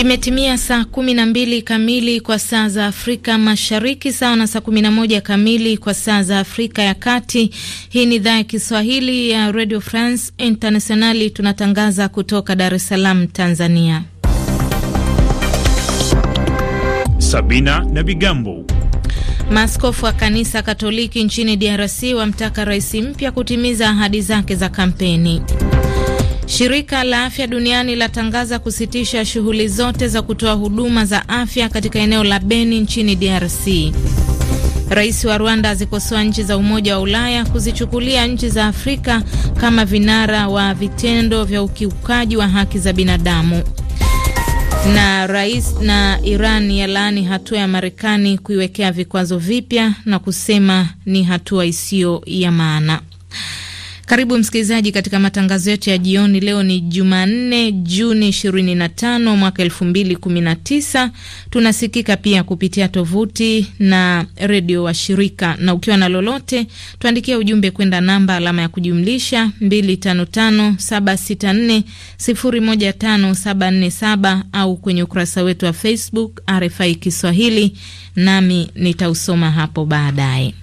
Imetimia saa kumi na mbili kamili kwa saa za Afrika Mashariki, sawa na saa kumi na moja kamili kwa saa za Afrika ya Kati. Hii ni idhaa ya Kiswahili ya Radio France Internationali, tunatangaza kutoka Dar es Salaam, Tanzania. Sabina na Bigambo. Maaskofu wa kanisa Katoliki nchini DRC wamtaka rais mpya kutimiza ahadi zake za kampeni. Shirika la Afya Duniani latangaza kusitisha shughuli zote za kutoa huduma za afya katika eneo la Beni nchini DRC. Rais wa Rwanda azikosoa nchi za Umoja wa Ulaya kuzichukulia nchi za Afrika kama vinara wa vitendo vya ukiukaji wa haki za binadamu. Na rais na Iran yalaani hatua ya Marekani kuiwekea vikwazo vipya na kusema ni hatua isiyo ya maana. Karibu msikilizaji katika matangazo yetu ya jioni. Leo ni Jumanne, Juni 25 mwaka 2019. Tunasikika pia kupitia tovuti na redio wa shirika, na ukiwa na lolote tuandikia ujumbe kwenda namba alama ya kujumlisha 255764015747 au kwenye ukurasa wetu wa Facebook RFI Kiswahili, nami nitausoma hapo baadaye.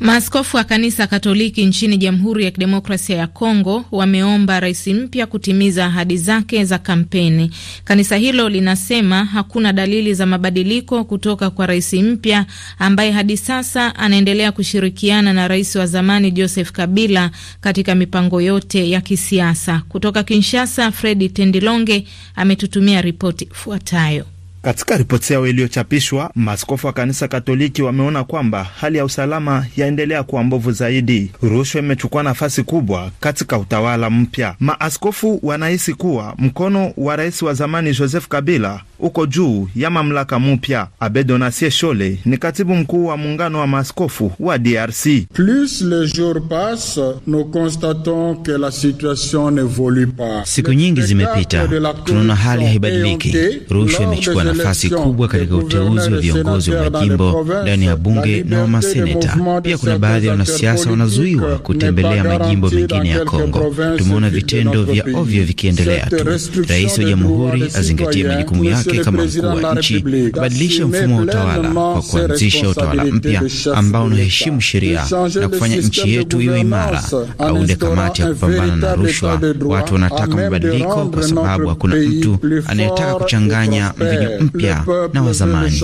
Maaskofu wa kanisa Katoliki nchini Jamhuri ya Kidemokrasia ya Kongo wameomba rais mpya kutimiza ahadi zake za kampeni. Kanisa hilo linasema hakuna dalili za mabadiliko kutoka kwa rais mpya ambaye hadi sasa anaendelea kushirikiana na rais wa zamani Joseph Kabila katika mipango yote ya kisiasa. Kutoka Kinshasa, Fredi Tendilonge ametutumia ripoti ifuatayo. Katika ripoti yao iliyochapishwa, maaskofu wa kanisa Katoliki wameona kwamba hali ya usalama yaendelea kuwa mbovu zaidi. Rushwa imechukua nafasi kubwa katika utawala mpya. Maaskofu wanahisi kuwa mkono wa rais wa zamani Joseph Kabila uko juu ya mamlaka abe Abedonasie Shole ni katibu mkuu wa muungano wa maaskofu wa DRC. Plus les jours passent, nous constatons que la situation n'évolue pas. Siku nyingi zimepita, tunaona hali haibadiliki. Rushwa imechukua nafasi kubwa katika uteuzi wa viongozi wa majimbo ndani ya bunge na wa maseneta. Pia kuna baadhi ya wanasiasa wanazuiwa kutembelea majimbo mengine ya Kongo. Tumeona vitendo vya ovyo vikiendelea tu. Rais wa jamhuri azingatie majukumu yake wake kama mkuu wa nchi kubadilisha mfumo wa utawala kwa kuanzisha utawala mpya ambao unaheshimu sheria na kufanya nchi yetu iwe imara. Aunde kamati ya kupambana na rushwa. Watu wanataka mabadiliko kwa sababu hakuna mtu anayetaka kuchanganya mvinyo mpya na wa zamani.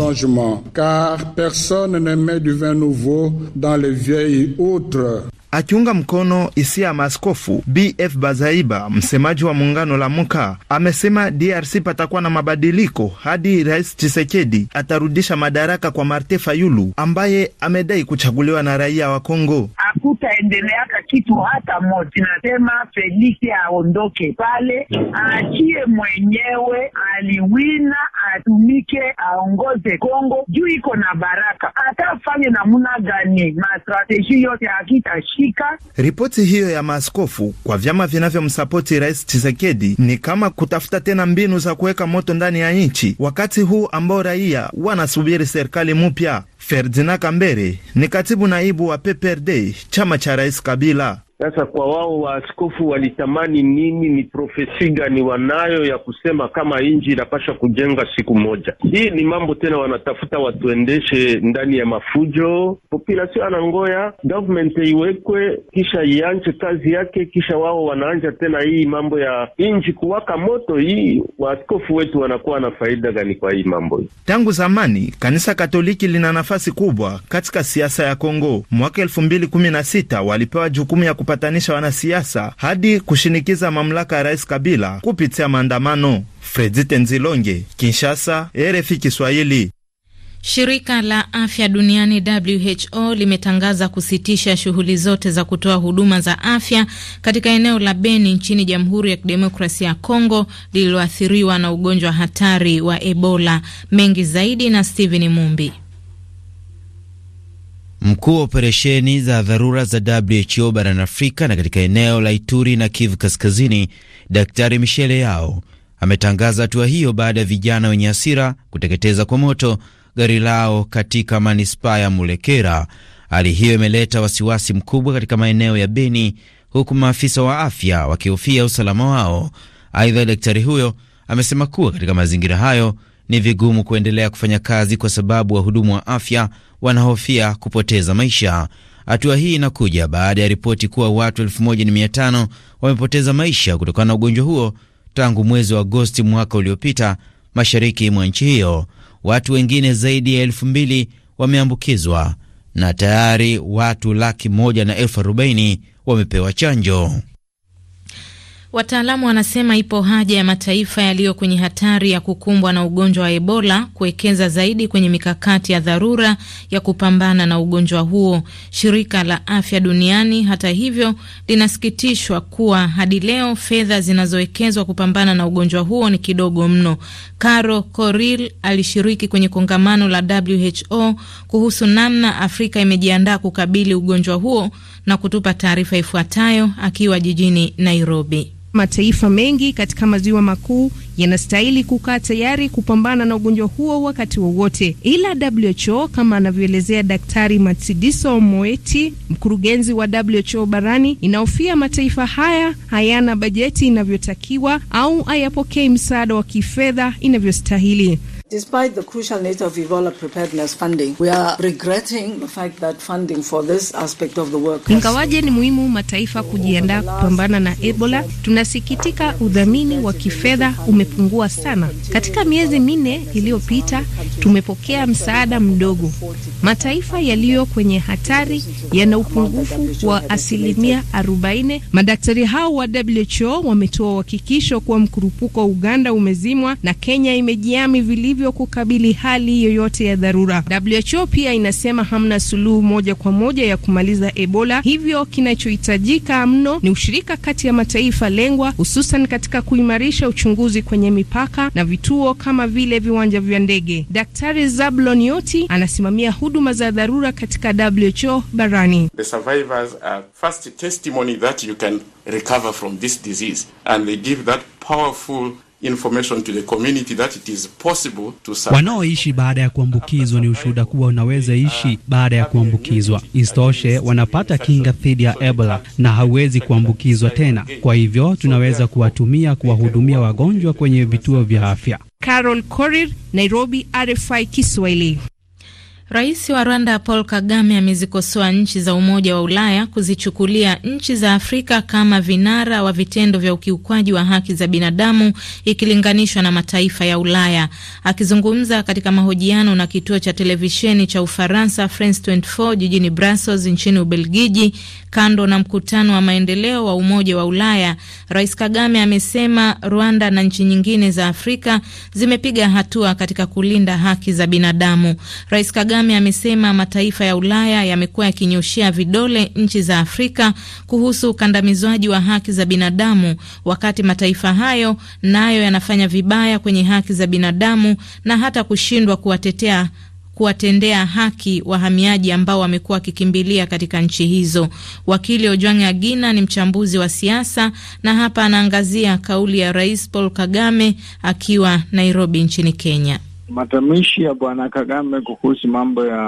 Akiunga mkono hisia ya maskofu BF Bazaiba, msemaji wa muungano la Muka, amesema DRC patakuwa na mabadiliko hadi Rais chisekedi atarudisha madaraka kwa marte Fayulu ambaye amedai kuchaguliwa na raia wa Kongo. Hakutaendeleaka kitu hata moja. Tunasema Felisi aondoke pale, aachie mwenyewe aliwina, atumike, aongoze Kongo juu iko na baraka, atafanye namuna gani, mastrateji yote akitashi kusikika. Ripoti hiyo ya maaskofu kwa vyama vinavyomsapoti Rais Chisekedi ni kama kutafuta tena mbinu za kuweka moto ndani ya nchi wakati huu ambao raia wanasubiri serikali mpya. Ferdinand Kambere ni katibu naibu wa PPRD, chama cha Rais Kabila. Sasa kwa wao waaskofu walitamani nini? Ni profesi gani wanayo ya kusema kama nchi inapasha kujenga siku moja? Hii ni mambo tena, wanatafuta watuendeshe ndani ya mafujo. Populasio anangoya government iwekwe, kisha ianje kazi yake, kisha wao wanaanja tena hii mambo ya nchi kuwaka moto. Hii waaskofu wetu wanakuwa na faida gani kwa hii mambo hii? Tangu zamani kanisa Katoliki lina nafasi kubwa katika siasa ya Kongo. Mwaka elfu mbili kumi na sita walipewa jukumu ya kupa kupatanisha wanasiasa hadi kushinikiza mamlaka ya Rais Kabila kupitia maandamano. Fredite Nzilonge, Kinshasa, RFI Kiswahili. Shirika la afya duniani WHO limetangaza kusitisha shughuli zote za kutoa huduma za afya katika eneo la Beni nchini Jamhuri ya Kidemokrasia ya Kongo lililoathiriwa na ugonjwa hatari wa Ebola. Mengi zaidi na Steven Mumbi. Mkuu wa operesheni za dharura za WHO barani Afrika na katika eneo la Ituri na Kivu Kaskazini, Daktari Michele Yao ametangaza hatua hiyo baada ya vijana wenye hasira kuteketeza kwa moto gari lao katika manispaa ya Mulekera. Hali hiyo imeleta wasiwasi mkubwa katika maeneo ya Beni, huku maafisa wa afya wakihofia usalama wao. Aidha, daktari huyo amesema kuwa katika mazingira hayo ni vigumu kuendelea kufanya kazi kwa sababu wahudumu wa afya wanahofia kupoteza maisha. Hatua hii inakuja baada ya ripoti kuwa watu 1500 wamepoteza maisha kutokana na ugonjwa huo tangu mwezi wa Agosti mwaka uliopita mashariki mwa nchi hiyo. Watu wengine zaidi ya elfu mbili wameambukizwa na tayari watu laki moja na elfu arobaini wamepewa chanjo. Wataalamu wanasema ipo haja ya mataifa yaliyo kwenye hatari ya kukumbwa na ugonjwa wa Ebola kuwekeza zaidi kwenye mikakati ya dharura ya kupambana na ugonjwa huo. Shirika la Afya Duniani, hata hivyo, linasikitishwa kuwa hadi leo fedha zinazowekezwa kupambana na ugonjwa huo ni kidogo mno. Caro Coril alishiriki kwenye kongamano la WHO kuhusu namna Afrika imejiandaa kukabili ugonjwa huo na kutupa taarifa ifuatayo akiwa jijini Nairobi mataifa mengi katika maziwa makuu yanastahili kukaa tayari kupambana na ugonjwa huo wakati wowote, ila WHO kama anavyoelezea Daktari Matsidiso Moeti, mkurugenzi wa WHO barani, inahofia mataifa haya hayana bajeti inavyotakiwa au hayapokei msaada wa kifedha inavyostahili. Despite the crucial nature of Ebola preparedness funding, we are regretting the fact that funding for this aspect of the work. Ingawaje ni muhimu mataifa kujiandaa kupambana na Ebola, tunasikitika udhamini wa kifedha umepungua sana. Katika miezi minne iliyopita, tumepokea msaada mdogo. Mataifa yaliyo kwenye hatari yana upungufu wa asilimia 40. Madaktari hao wa WHO wametoa uhakikisho kuwa mkurupuko wa Uganda umezimwa na Kenya imejiami vilivyo hivyo kukabili hali yoyote ya dharura. WHO pia inasema hamna suluhu moja kwa moja ya kumaliza Ebola, hivyo kinachohitajika mno ni ushirika kati ya mataifa lengwa, hususan katika kuimarisha uchunguzi kwenye mipaka na vituo kama vile viwanja vya ndege. Daktari Zablon Yoti anasimamia huduma za dharura katika WHO barani. The survivors are first testimony that you can recover from this disease and they give that powerful information to the community that it is possible to survive. Wanaoishi baada ya kuambukizwa ni ushuhuda kuwa unaweza ishi baada ya kuambukizwa. Isitoshe, wanapata kinga dhidi ya Ebola na hauwezi kuambukizwa tena. Kwa hivyo tunaweza kuwatumia kuwahudumia wagonjwa kwenye vituo vya afya. Carol Korir, Nairobi, RFI Kiswahili. Rais wa Rwanda Paul Kagame amezikosoa nchi za Umoja wa Ulaya kuzichukulia nchi za Afrika kama vinara wa vitendo vya ukiukwaji wa haki za binadamu ikilinganishwa na mataifa ya Ulaya. Akizungumza katika mahojiano na kituo cha televisheni cha Ufaransa France 24 jijini Brussels nchini Ubelgiji, Kando na mkutano wa maendeleo wa Umoja wa Ulaya, Rais Kagame amesema Rwanda na nchi nyingine za Afrika zimepiga hatua katika kulinda haki za binadamu. Rais Kagame amesema mataifa ya Ulaya yamekuwa yakinyoshea vidole nchi za Afrika kuhusu ukandamizwaji wa haki za binadamu, wakati mataifa hayo nayo yanafanya vibaya kwenye haki za binadamu na hata kushindwa kuwatetea kuwatendea haki wahamiaji ambao wamekuwa wakikimbilia katika nchi hizo. Wakili Ojwang Agina ni mchambuzi wa siasa na hapa anaangazia kauli ya Rais Paul Kagame akiwa Nairobi nchini Kenya. Matamishi ya Bwana Kagame kuhusu mambo ya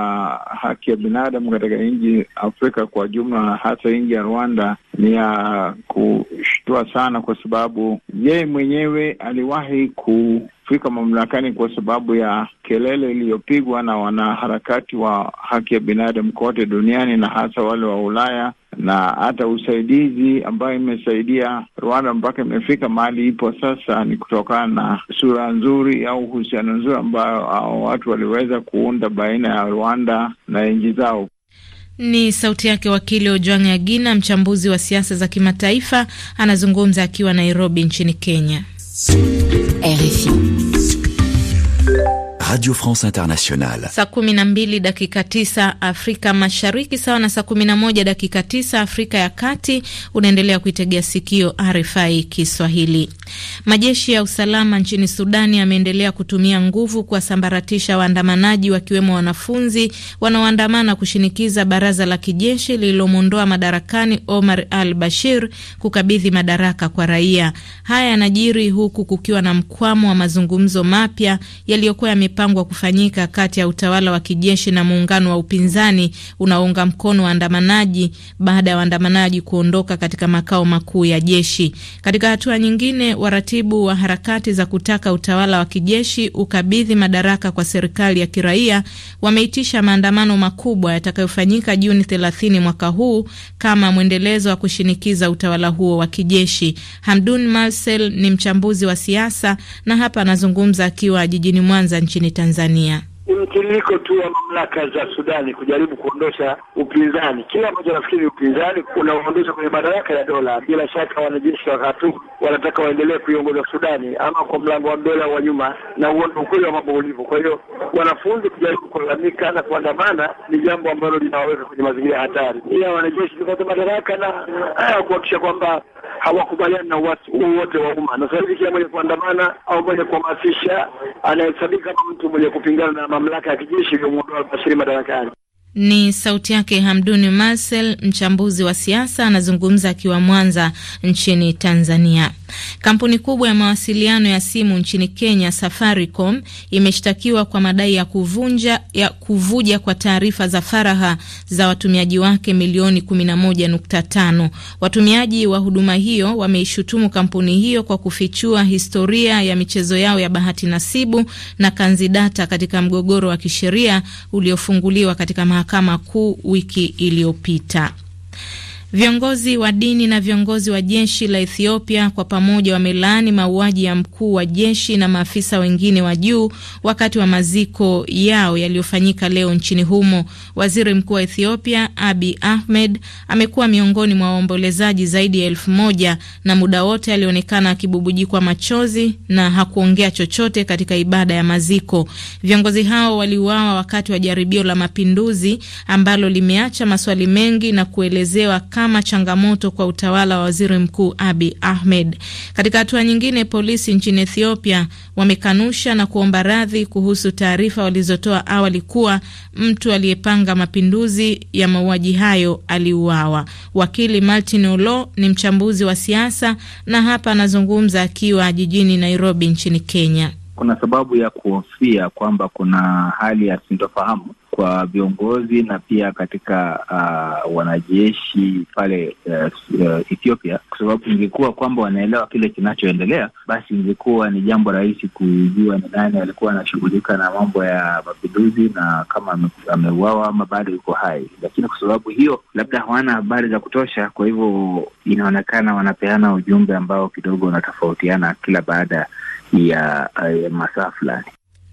haki ya binadamu katika nchi Afrika kwa jumla, hasa nchi ya Rwanda ni ya kushtua sana, kwa sababu yeye mwenyewe aliwahi ku kufika mamlakani kwa sababu ya kelele iliyopigwa na wanaharakati wa haki ya binadamu kote duniani na hasa wale wa Ulaya na hata usaidizi ambayo imesaidia Rwanda mpaka imefika mahali ipo sasa, ni kutokana na sura nzuri au uhusiano nzuri ambayo watu waliweza kuunda baina ya Rwanda na nchi zao. Ni sauti yake wakili Ojwang' Agina, mchambuzi wa siasa za kimataifa, anazungumza akiwa Nairobi nchini Kenya. RFI. Radio France Internationale. Saa mbili dakika 9 Afrika Mashariki, sawa na saa moja dakika 9 Afrika ya Kati. Unaendelea kuitegea sikio RFI Kiswahili. Majeshi ya usalama nchini Sudani yameendelea kutumia nguvu kuwasambaratisha waandamanaji, wakiwemo wanafunzi wanaoandamana kushinikiza baraza la kijeshi lililomwondoa madarakani Omar al Bashir kukabidhi madaraka kwa raia. Haya yanajiri huku kukiwa na mkwamo wa mazungumzo mapya yaliyokuwa yame imepangwa kufanyika kati ya utawala wa kijeshi na muungano wa upinzani unaounga mkono waandamanaji baada ya waandamanaji kuondoka katika makao makuu ya jeshi. Katika hatua nyingine, waratibu wa harakati za kutaka utawala wa kijeshi ukabidhi madaraka kwa serikali ya kiraia wameitisha maandamano makubwa yatakayofanyika Juni 30 mwaka huu kama mwendelezo wa kushinikiza utawala huo wa kijeshi. Hamdun Marcel ni mchambuzi wa siasa na hapa anazungumza akiwa jijini Mwanza nchini nchini Tanzania? Ni mtiririko tu wa mamlaka za Sudani kujaribu kuondosha upinzani. kila ambacho nafikiri upinzani unaoondosha kwenye madaraka ya dola, bila shaka wanajeshi wa Khartoum wanataka waendelee kuiongoza Sudani ama kwa mlango wa mbele wa nyuma, na huo ndio ukweli wa mambo ulivyo. Kwa hiyo wanafunzi kujaribu kulalamika na kuandamana ni jambo ambalo linawaweka kwenye mazingira hatari, ila wanajeshi kupata madaraka na kuhakikisha kwamba hawakubaliani na watu wote wa umma, na sasa hivi kila mwenye kuandamana au mwenye kuhamasisha anahesabika kama mtu mwenye kupingana na mamlaka ya kijeshi iliyomwondoa Albashiri madarakani. Ni sauti yake Hamduni Marcel, mchambuzi wa siasa, anazungumza akiwa Mwanza nchini Tanzania. Kampuni kubwa ya mawasiliano ya simu nchini Kenya, Safaricom, imeshtakiwa kwa madai ya kuvunja ya kuvuja kwa taarifa za faraha za watumiaji wake milioni 11.5. Watumiaji wa huduma hiyo wameishutumu kampuni hiyo kwa kufichua historia ya michezo yao ya bahati nasibu na kanzidata katika mgogoro wa kisheria uliofunguliwa katika mahakama mahakama kuu wiki iliyopita. Viongozi wa dini na viongozi wa jeshi la Ethiopia kwa pamoja wamelaani mauaji ya mkuu wa jeshi na maafisa wengine wa juu wakati wa maziko yao yaliyofanyika leo nchini humo. Waziri mkuu wa Ethiopia abi Ahmed amekuwa miongoni mwa waombolezaji zaidi ya elfu moja na muda wote alionekana akibubujikwa machozi na hakuongea chochote katika ibada ya maziko. Viongozi hao waliuawa wakati wa jaribio la mapinduzi ambalo limeacha maswali mengi na kuelezewa kama kama changamoto kwa utawala wa waziri mkuu abi Ahmed. Katika hatua nyingine, polisi nchini Ethiopia wamekanusha na kuomba radhi kuhusu taarifa walizotoa awali kuwa mtu aliyepanga mapinduzi ya mauaji hayo aliuawa. Wakili Martin Olo ni mchambuzi wa siasa na hapa anazungumza akiwa jijini Nairobi nchini Kenya kuna sababu ya kuhofia kwamba kuna hali ya sintofahamu kwa viongozi na pia katika uh, wanajeshi pale uh, uh, Ethiopia, kwa sababu ingekuwa kwamba wanaelewa kile kinachoendelea, basi ingekuwa ni jambo rahisi kujua ni nani alikuwa anashughulika na mambo ya mapinduzi na kama ameuawa ama bado yuko hai. Lakini kwa sababu hiyo, labda hawana habari za kutosha, kwa hivyo inaonekana wanapeana ujumbe ambao kidogo unatofautiana kila baada ya, ya eh, masaa fulani.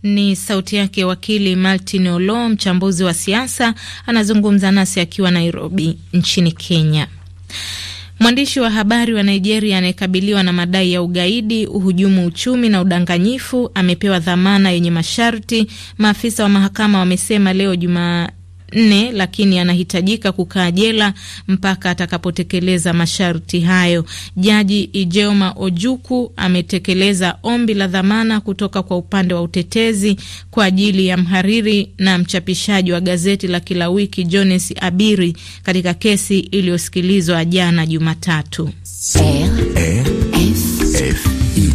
Ni sauti yake wakili Martin Olo, mchambuzi wa siasa, anazungumza nasi akiwa Nairobi nchini Kenya. Mwandishi wa habari wa Nigeria anayekabiliwa na madai ya ugaidi, uhujumu uchumi na udanganyifu amepewa dhamana yenye masharti, maafisa wa mahakama wamesema leo Jumaa nne, lakini anahitajika kukaa jela mpaka atakapotekeleza masharti hayo. Jaji Ijeoma Ojuku ametekeleza ombi la dhamana kutoka kwa upande wa utetezi kwa ajili ya mhariri na mchapishaji wa gazeti la kila wiki Jones Abiri katika kesi iliyosikilizwa jana Jumatatu. RFI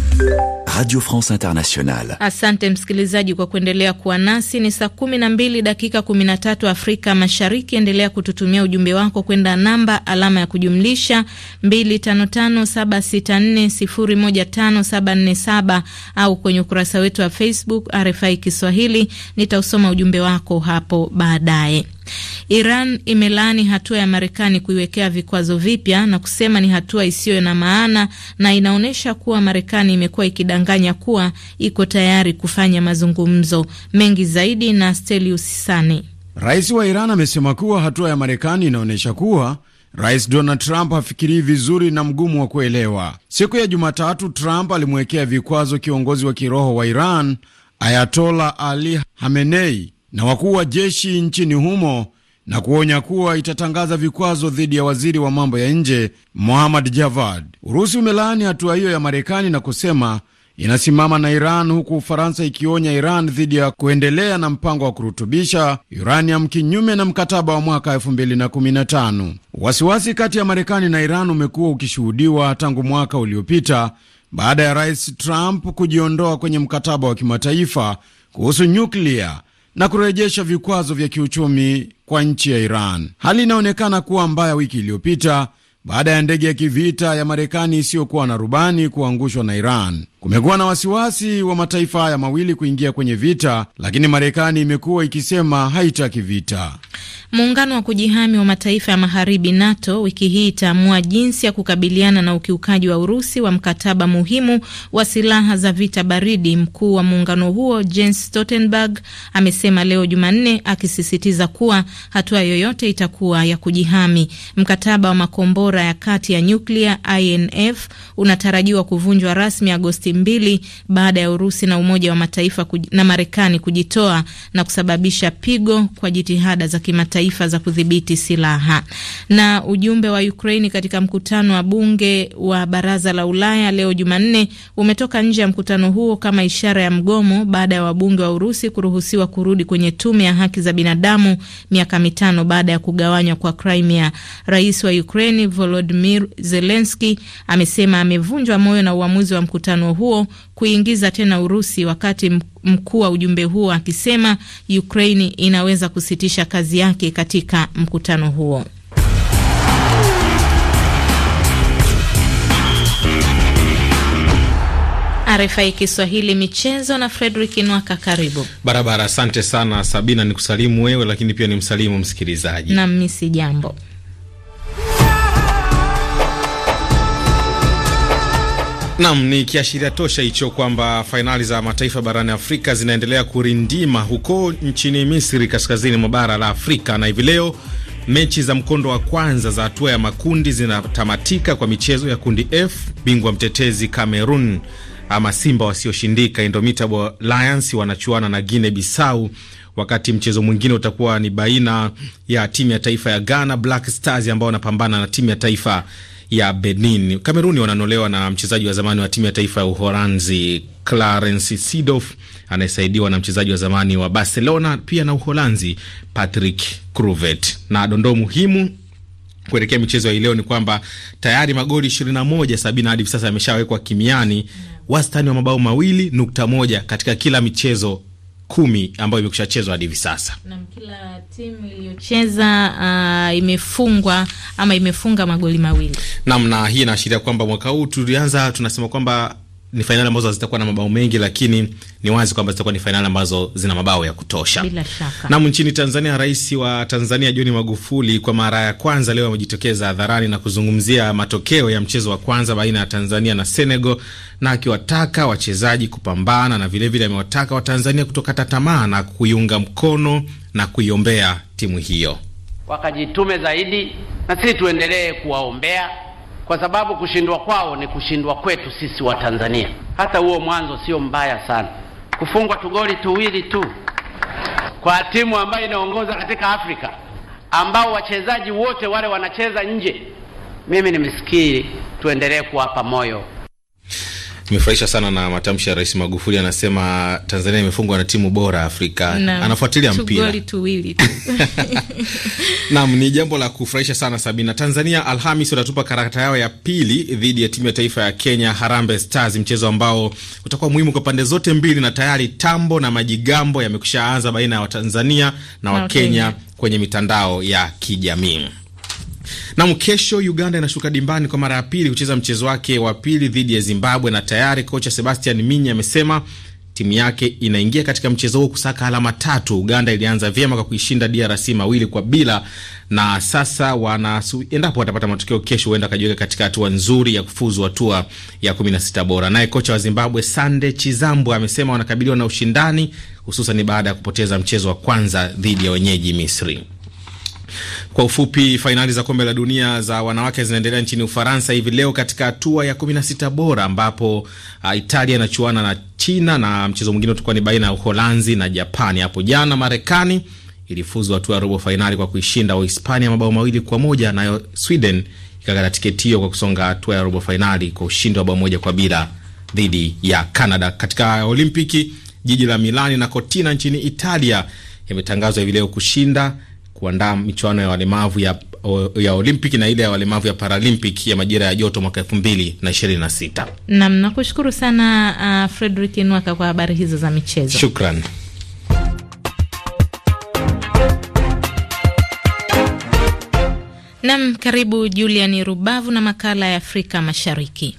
Radio France Internationale. Asante msikilizaji kwa kuendelea kuwa nasi. Ni saa kumi na mbili dakika kumi na tatu Afrika Mashariki. Endelea kututumia ujumbe wako kwenda namba alama ya kujumlisha 255764015747 au kwenye ukurasa wetu wa Facebook RFI Kiswahili. Nitausoma ujumbe wako hapo baadaye. Iran imelaani hatua ya Marekani kuiwekea vikwazo vipya na kusema ni hatua isiyo na maana na inaonyesha kuwa Marekani imekuwa ikidanganya kuwa iko tayari kufanya mazungumzo mengi zaidi. Na Stelius Sani, rais wa Iran, amesema kuwa hatua ya Marekani inaonyesha kuwa Rais Donald Trump hafikirii vizuri na mgumu wa kuelewa. Siku ya Jumatatu, Trump alimwekea vikwazo kiongozi wa kiroho wa Iran Ayatola Ali Hamenei na wakuu wa jeshi nchini humo na kuonya kuwa itatangaza vikwazo dhidi ya waziri wa mambo ya nje Mohammad Javad. Urusi umelaani hatua hiyo ya Marekani na kusema inasimama na Iran, huku Ufaransa ikionya Iran dhidi ya kuendelea na mpango wa kurutubisha uranium kinyume na mkataba wa mwaka 2015. Wasiwasi kati ya Marekani na Iran umekuwa ukishuhudiwa tangu mwaka uliopita baada ya Rais Trump kujiondoa kwenye mkataba wa kimataifa kuhusu nyuklia na kurejesha vikwazo vya kiuchumi kwa nchi ya Iran. Hali inaonekana kuwa mbaya wiki iliyopita baada ya ndege ya kivita ya Marekani isiyokuwa na rubani kuangushwa na Iran. Kumekuwa na wasiwasi wa mataifa haya mawili kuingia kwenye vita, lakini Marekani imekuwa ikisema haitaki vita. Muungano wa kujihami wa mataifa ya magharibi NATO wiki hii itaamua jinsi ya kukabiliana na ukiukaji wa Urusi wa mkataba muhimu wa silaha za vita baridi. Mkuu wa muungano huo Jens Stoltenberg amesema leo Jumanne, akisisitiza kuwa hatua yoyote itakuwa ya kujihami. Mkataba wa makombora ya kati ya nyuklia INF unatarajiwa kuvunjwa rasmi Agosti nafasi mbili baada ya Urusi na Umoja wa Mataifa na Marekani kujitoa na kusababisha pigo kwa jitihada za kimataifa za kudhibiti silaha. Na ujumbe wa Ukraini katika mkutano wa bunge wa Baraza la Ulaya leo Jumanne umetoka nje ya mkutano huo kama ishara ya mgomo baada ya wabunge wa Urusi kuruhusiwa kurudi kwenye tume ya haki za binadamu miaka mitano baada ya kugawanywa kwa Crimea. Rais wa Ukraini Volodymyr Zelensky amesema amevunjwa moyo na uamuzi wa mkutano huo kuingiza tena Urusi, wakati mkuu wa ujumbe huo akisema Ukraini inaweza kusitisha kazi yake katika mkutano huo. RFI Kiswahili michezo na Fredrick Nwaka, karibu barabara. Asante sana Sabina, ni kusalimu wewe lakini pia ni msalimu msikilizaji. Nami si jambo Nam ni kiashiria tosha hicho kwamba fainali za mataifa barani Afrika zinaendelea kurindima huko nchini Misri, kaskazini mwa bara la Afrika, na hivi leo mechi za mkondo wa kwanza za hatua ya makundi zinatamatika kwa michezo ya kundi F. Bingwa mtetezi Cameroon ama Simba wasioshindika Indomitable Lions wanachuana na Guinea Bissau, wakati mchezo mwingine utakuwa ni baina ya timu ya taifa ya Ghana Black Stars ambao wanapambana na timu ya taifa ya Benin. Kameruni wananolewa na mchezaji wa zamani wa timu ya taifa ya Uholanzi Clarence Seedorf anayesaidiwa na mchezaji wa zamani wa Barcelona pia na Uholanzi Patrick Kluivert. Na dondoo muhimu kuelekea michezo ya leo ni kwamba tayari magoli 21 sabini hadi sasa yameshawekwa kimiani, mm. wastani wa mabao mawili nukta moja katika kila michezo kumi ambayo imekusha chezwa hadi hivi sasa, na kila timu iliyocheza uh, imefungwa ama imefunga magoli mawili. Naam, na hii inaashiria kwamba mwaka huu tulianza tunasema kwamba ni fainali ambazo hazitakuwa na mabao mengi, lakini ni wazi kwamba zitakuwa ni fainali ambazo zina mabao ya kutosha. Bila shaka. Nam, nchini Tanzania, rais wa Tanzania John Magufuli kwa mara ya kwanza leo amejitokeza hadharani na kuzungumzia matokeo ya mchezo wa kwanza baina ya Tanzania na Senegal, na akiwataka wachezaji kupambana na vilevile amewataka Watanzania kutokata tamaa na kuiunga mkono na kuiombea timu hiyo, wakajitume zaidi, na sisi tuendelee kuwaombea kwa sababu kushindwa kwao ni kushindwa kwetu sisi wa Tanzania. Hata huo mwanzo sio mbaya sana, kufungwa tugoli tuwili tu kwa timu ambayo inaongoza katika Afrika, ambao wachezaji wote wale wanacheza nje. Mimi nimesikiri, tuendelee kuwapa moyo tumefurahisha sana na matamshi ya Rais Magufuli, anasema Tanzania imefungwa na timu bora Afrika anafuatilia mpira nam ni jambo la kufurahisha sana Sabina. Tanzania Alhamis watatupa karata yao ya pili dhidi ya timu ya taifa ya Kenya, harambe Stars, mchezo ambao utakuwa muhimu kwa pande zote mbili, na tayari tambo na majigambo yamekushaanza baina ya Watanzania na Wakenya okay, kwenye mitandao ya kijamii. Nam, kesho Uganda inashuka dimbani kwa mara ya pili kucheza mchezo wake wa pili dhidi ya Zimbabwe, na tayari kocha Sebastian Minyi amesema timu yake inaingia katika mchezo huo kusaka alama tatu. Uganda ilianza vyema kwa kuishinda DRC mawili kwa bila, na sasa wana endapo watapata matokeo kesho, huenda akajiweka katika hatua nzuri ya kufuzu hatua ya kumi na sita bora. Naye kocha wa Zimbabwe Sande Chizambwe amesema wanakabiliwa na ushindani, hususan baada ya kupoteza mchezo wa kwanza dhidi ya wenyeji Misri. Kwa ufupi, fainali za kombe la dunia za wanawake zinaendelea nchini Ufaransa hivi leo katika hatua ya 16 bora ambapo uh, Italia inachuana na China na mchezo mwingine utakuwa ni baina ya Uholanzi na Japani. Hapo jana Marekani ilifuzu hatua ya robo fainali kwa kuishinda Uhispania mabao mawili kwa moja, nayo Sweden ikakata tiketi hiyo kwa kusonga hatua ya robo fainali kwa ushindi wa bao moja kwa bila dhidi ya Canada. Katika Olimpiki, jiji la Milani na Cortina nchini Italia imetangazwa hivi leo kushinda kuandaa michuano ya walemavu ya, ya Olimpiki na ile ya walemavu ya Paralimpik ya majira ya joto mwaka sita. Nam, nakushukuru sana uh, Frederick Nwaka kwa habari hizo za michezo. Shukran. Nam, karibu Julian Rubavu na makala ya Afrika Mashariki.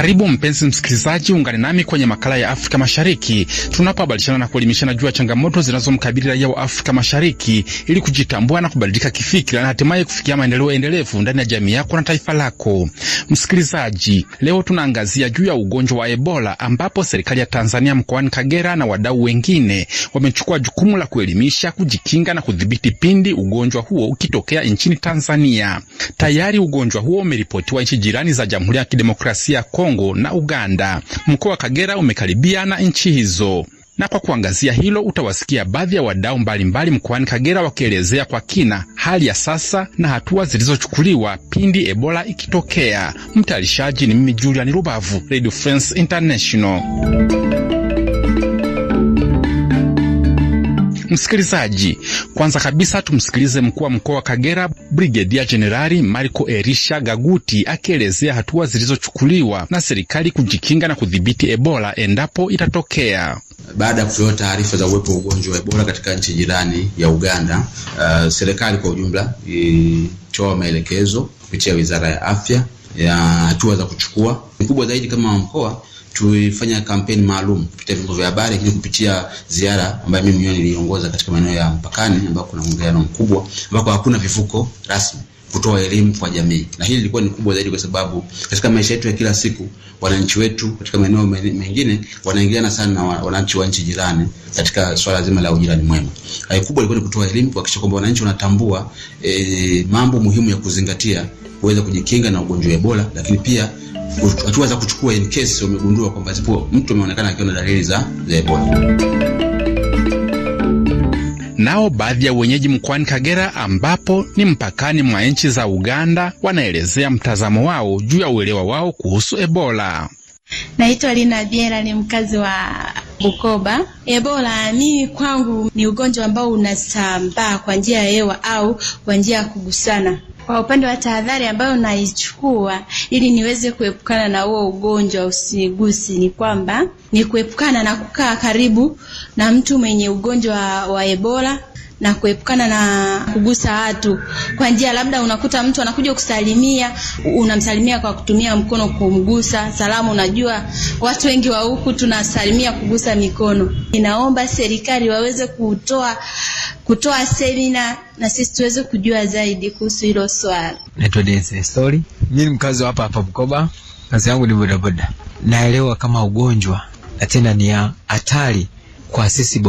Karibu mpenzi msikilizaji, ungane nami kwenye makala ya Afrika Mashariki tunapobadilishana na kuelimishana juu ya changamoto zinazomkabili raia wa Afrika Mashariki ili kujitambua na kubadilika kifikira na hatimaye kufikia maendeleo endelevu ndani ya jamii yako na taifa lako. Msikilizaji, leo tunaangazia juu ya ugonjwa wa Ebola ambapo serikali ya Tanzania mkoani Kagera na wadau wengine wamechukua jukumu la kuelimisha, kujikinga na kudhibiti pindi ugonjwa huo ukitokea nchini Tanzania. Tayari ugonjwa huo umeripotiwa nchi jirani za Jamhuri ya Kidemokrasia ya Kongo Kongo na Uganda. Mkoa wa Kagera umekaribia na nchi hizo na kwa kuangazia hilo utawasikia baadhi ya wadau mbalimbali mkoani Kagera wakielezea kwa kina hali ya sasa na hatua zilizochukuliwa pindi Ebola ikitokea. Mtayarishaji ni mimi Julian Rubavu, Radio France International. Msikilizaji, kwanza kabisa tumsikilize mkuu wa mkoa wa Kagera Brigedia Jenerali Marco erisha Gaguti akielezea hatua zilizochukuliwa na serikali kujikinga na kudhibiti Ebola endapo itatokea. Baada ya kutolewa taarifa za uwepo wa ugonjwa wa Ebola katika nchi jirani ya Uganda, uh, serikali kwa ujumla ilitoa maelekezo kupitia Wizara ya Afya ya hatua za kuchukua. Mkubwa zaidi kama mkoa tulifanya kampeni maalum kupitia vyombo vya habari, lakini kupitia ziara ambayo mimi mwenyewe niliongoza katika maeneo ya mpakani ambao kuna muungano mkubwa ambako hakuna vivuko rasmi kutoa elimu kwa jamii, na hili lilikuwa ni kubwa zaidi, kwa sababu katika maisha yetu ya kila siku wananchi wetu katika maeneo mengine wanaingiliana sana na wananchi wa nchi jirani katika swala zima la ujirani mwema. Hai Kubwa ilikuwa ni kutoa elimu, kuhakikisha kwamba wananchi wanatambua e, mambo muhimu ya kuzingatia kuweza kujikinga na ugonjwa wa Ebola, lakini pia hatua za kuchukua in case umegundua kwamba zipo mtu ameonekana akiwa na dalili za Ebola. Nao baadhi ya wenyeji mkoani Kagera, ambapo ni mpakani mwa nchi za Uganda, wanaelezea mtazamo wao juu ya uelewa wao kuhusu Ebola. Naitwa Lina Biela, ni mkazi wa Bukoba. Ebola mimi kwangu ni ugonjwa ambao unasambaa kwa njia ya hewa au kwa njia ya kugusana kwa upande wa tahadhari ambayo naichukua ili niweze kuepukana na huo ugonjwa usinigusi ni kwamba ni kuepukana na kukaa karibu na mtu mwenye ugonjwa wa Ebola na kuepukana na kugusa watu kwa njia, labda unakuta mtu anakuja kusalimia, unamsalimia kwa kutumia mkono kumgusa. Salamu, unajua watu wengi wa huku tunasalimia kugusa mikono. Ninaomba serikali waweze kutoa kutoa semina na sisi tuweze kujua zaidi kuhusu hilo swala. Naitwa Denise Story, mimi ni mkazi hapa hapa Bukoba, kazi yangu ni bodaboda. Naelewa kama ugonjwa na tena ni hatari kwa sisi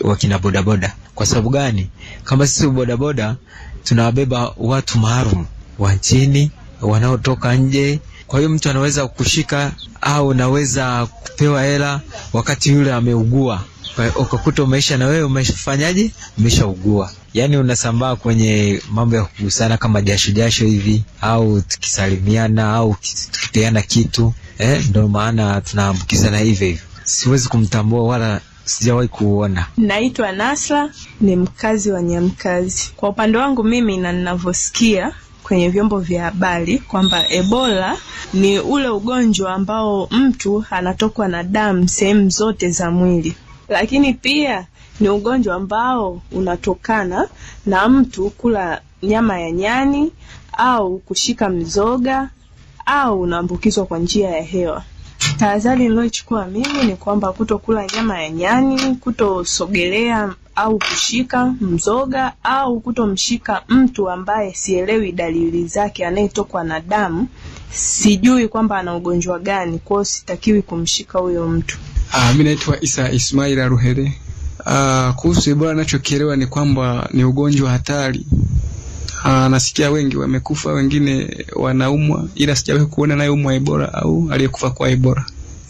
wakina bodaboda kwa sababu gani? Kama sisi bodaboda tunawabeba watu maalum wa nchini wanaotoka nje. Kwa hiyo mtu anaweza kushika au naweza kupewa hela wakati yule ameugua, ukakuta umeisha na wewe umefanyaje? umeshaugua. Yaani unasambaa kwenye mambo ya kugusana kama jasho jasho hivi, au tukisalimiana au tukipeana kitu eh, ndio maana tunaambukizana hivyo hivyo. Siwezi kumtambua wala sijawahi kuona. Naitwa Nasra, ni mkazi wa Nyamkazi. Kwa upande wangu mimi na ninavyosikia kwenye vyombo vya habari kwamba Ebola ni ule ugonjwa ambao mtu anatokwa na damu sehemu zote za mwili, lakini pia ni ugonjwa ambao unatokana na mtu kula nyama ya nyani au kushika mzoga au unaambukizwa kwa njia ya hewa. Tahadhari niliyoichukua mimi ni kwamba kutokula nyama ya nyani, kutosogelea au kushika mzoga au kutomshika mtu ambaye sielewi dalili zake, anayetokwa na damu, sijui kwamba ana ugonjwa gani, kwa hiyo sitakiwi kumshika huyo mtu. Ah, mimi naitwa Isa ismail Ruhere. Ah, kuhusu Ebola nachokielewa ni kwamba ni ugonjwa hatari anasikia ah, nasikia wengi wamekufa, wengine wanaumwa, ila sijawahi kuona umwa Ebola au aliyekufa kwa Ebola.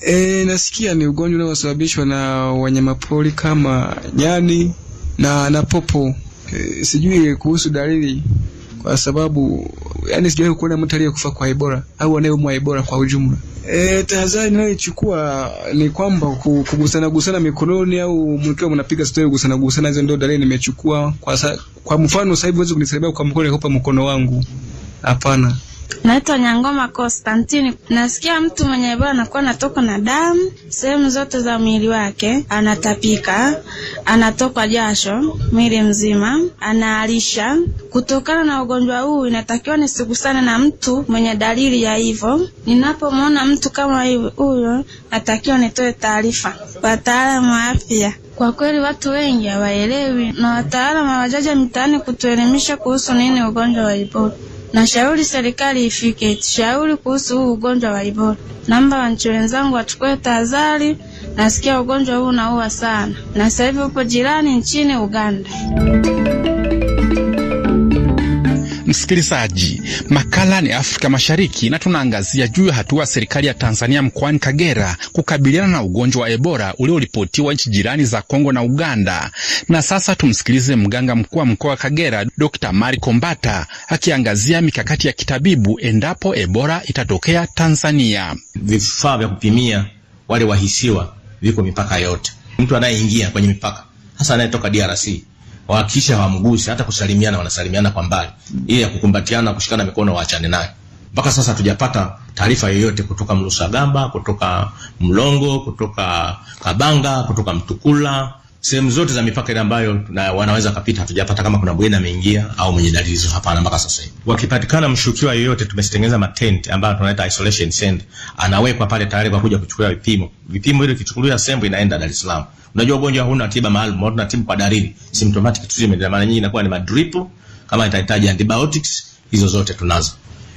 E, nasikia ni ugonjwa unaosababishwa na wanyamapori kama nyani na na popo. E, sijui kuhusu dalili kwa sababu yani sijawahi kuona mtu aliyekufa kwa Ebola au anayeumwa Ebola kwa ujumla. E, tahadhari ninayoichukua ni kwamba kugusana gusana mikononi au mkiwa mnapiga stori kugusana gusana, hizo ndio dalili nimechukua. Kwa, kwa mfano sasa hivi huwezi kunisalimia kwa mkono, hapa mkono wangu, hapana. Naitwa Nyangoma Konstantini. Nasikia mtu mwenye Ebola anakuwa anatokwa na damu sehemu zote za mwili wake, anatapika, anatokwa jasho mwili mzima, anaalisha Kutokana na ugonjwa huu, inatakiwa nisigusane na mtu mwenye dalili ya hivyo. Ninapomwona mtu kama huyo, natakiwa nitoe taarifa wataalamu wa afya. Kwa kweli watu wengi hawaelewi na wataalamu hawajaja mitaani kutuelimisha kuhusu nini ugonjwa wa Ebola. Nashauri serikali ifike shauri kuhusu huu ugonjwa wa Ebola. Naomba wananchi wenzangu wachukue tahadhari. Nasikia ugonjwa huu unaua sana, na sasa hivi upo jirani nchini Uganda. Msikilizaji, makala ni Afrika Mashariki na tunaangazia juu ya hatua ya serikali ya Tanzania mkoani Kagera kukabiliana na ugonjwa wa Ebola ulioripotiwa nchi jirani za Kongo na Uganda. Na sasa tumsikilize mganga mkuu wa mkoa wa Kagera, Dr. Mari Kombata akiangazia mikakati ya kitabibu endapo Ebola itatokea Tanzania. Vifaa vya kupimia wale wahisiwa viko mipaka yote, mtu anayeingia kwenye mipaka hasa anayetoka DRC wakisha wamgusi hata kusalimiana wanasalimiana kwa mbali, ile ya kukumbatiana, kushikana mikono waachane nayo. Mpaka sasa hatujapata taarifa yoyote kutoka Mlusagamba, kutoka Mlongo, kutoka Kabanga, kutoka Mtukula sehemu zote za mipaka ile ambayo na wanaweza kapita, hatujapata kama kuna bwena ameingia au mwenye dalili hizo, hapana mpaka sasa hivi. Wakipatikana mshukiwa yeyote, tumesitengeneza matent ambayo tunaita isolation send, anawekwa pale tayari kwa kuja kuchukua vipimo. Vipimo ile kichukuliwa sembo, inaenda Dar es Salaam. Unajua ugonjwa huna tiba maalum, watu na tibu kwa dalili symptomatic tu, zime mara nyingi inakuwa ni madrip, kama itahitaji antibiotics, hizo zote tunazo.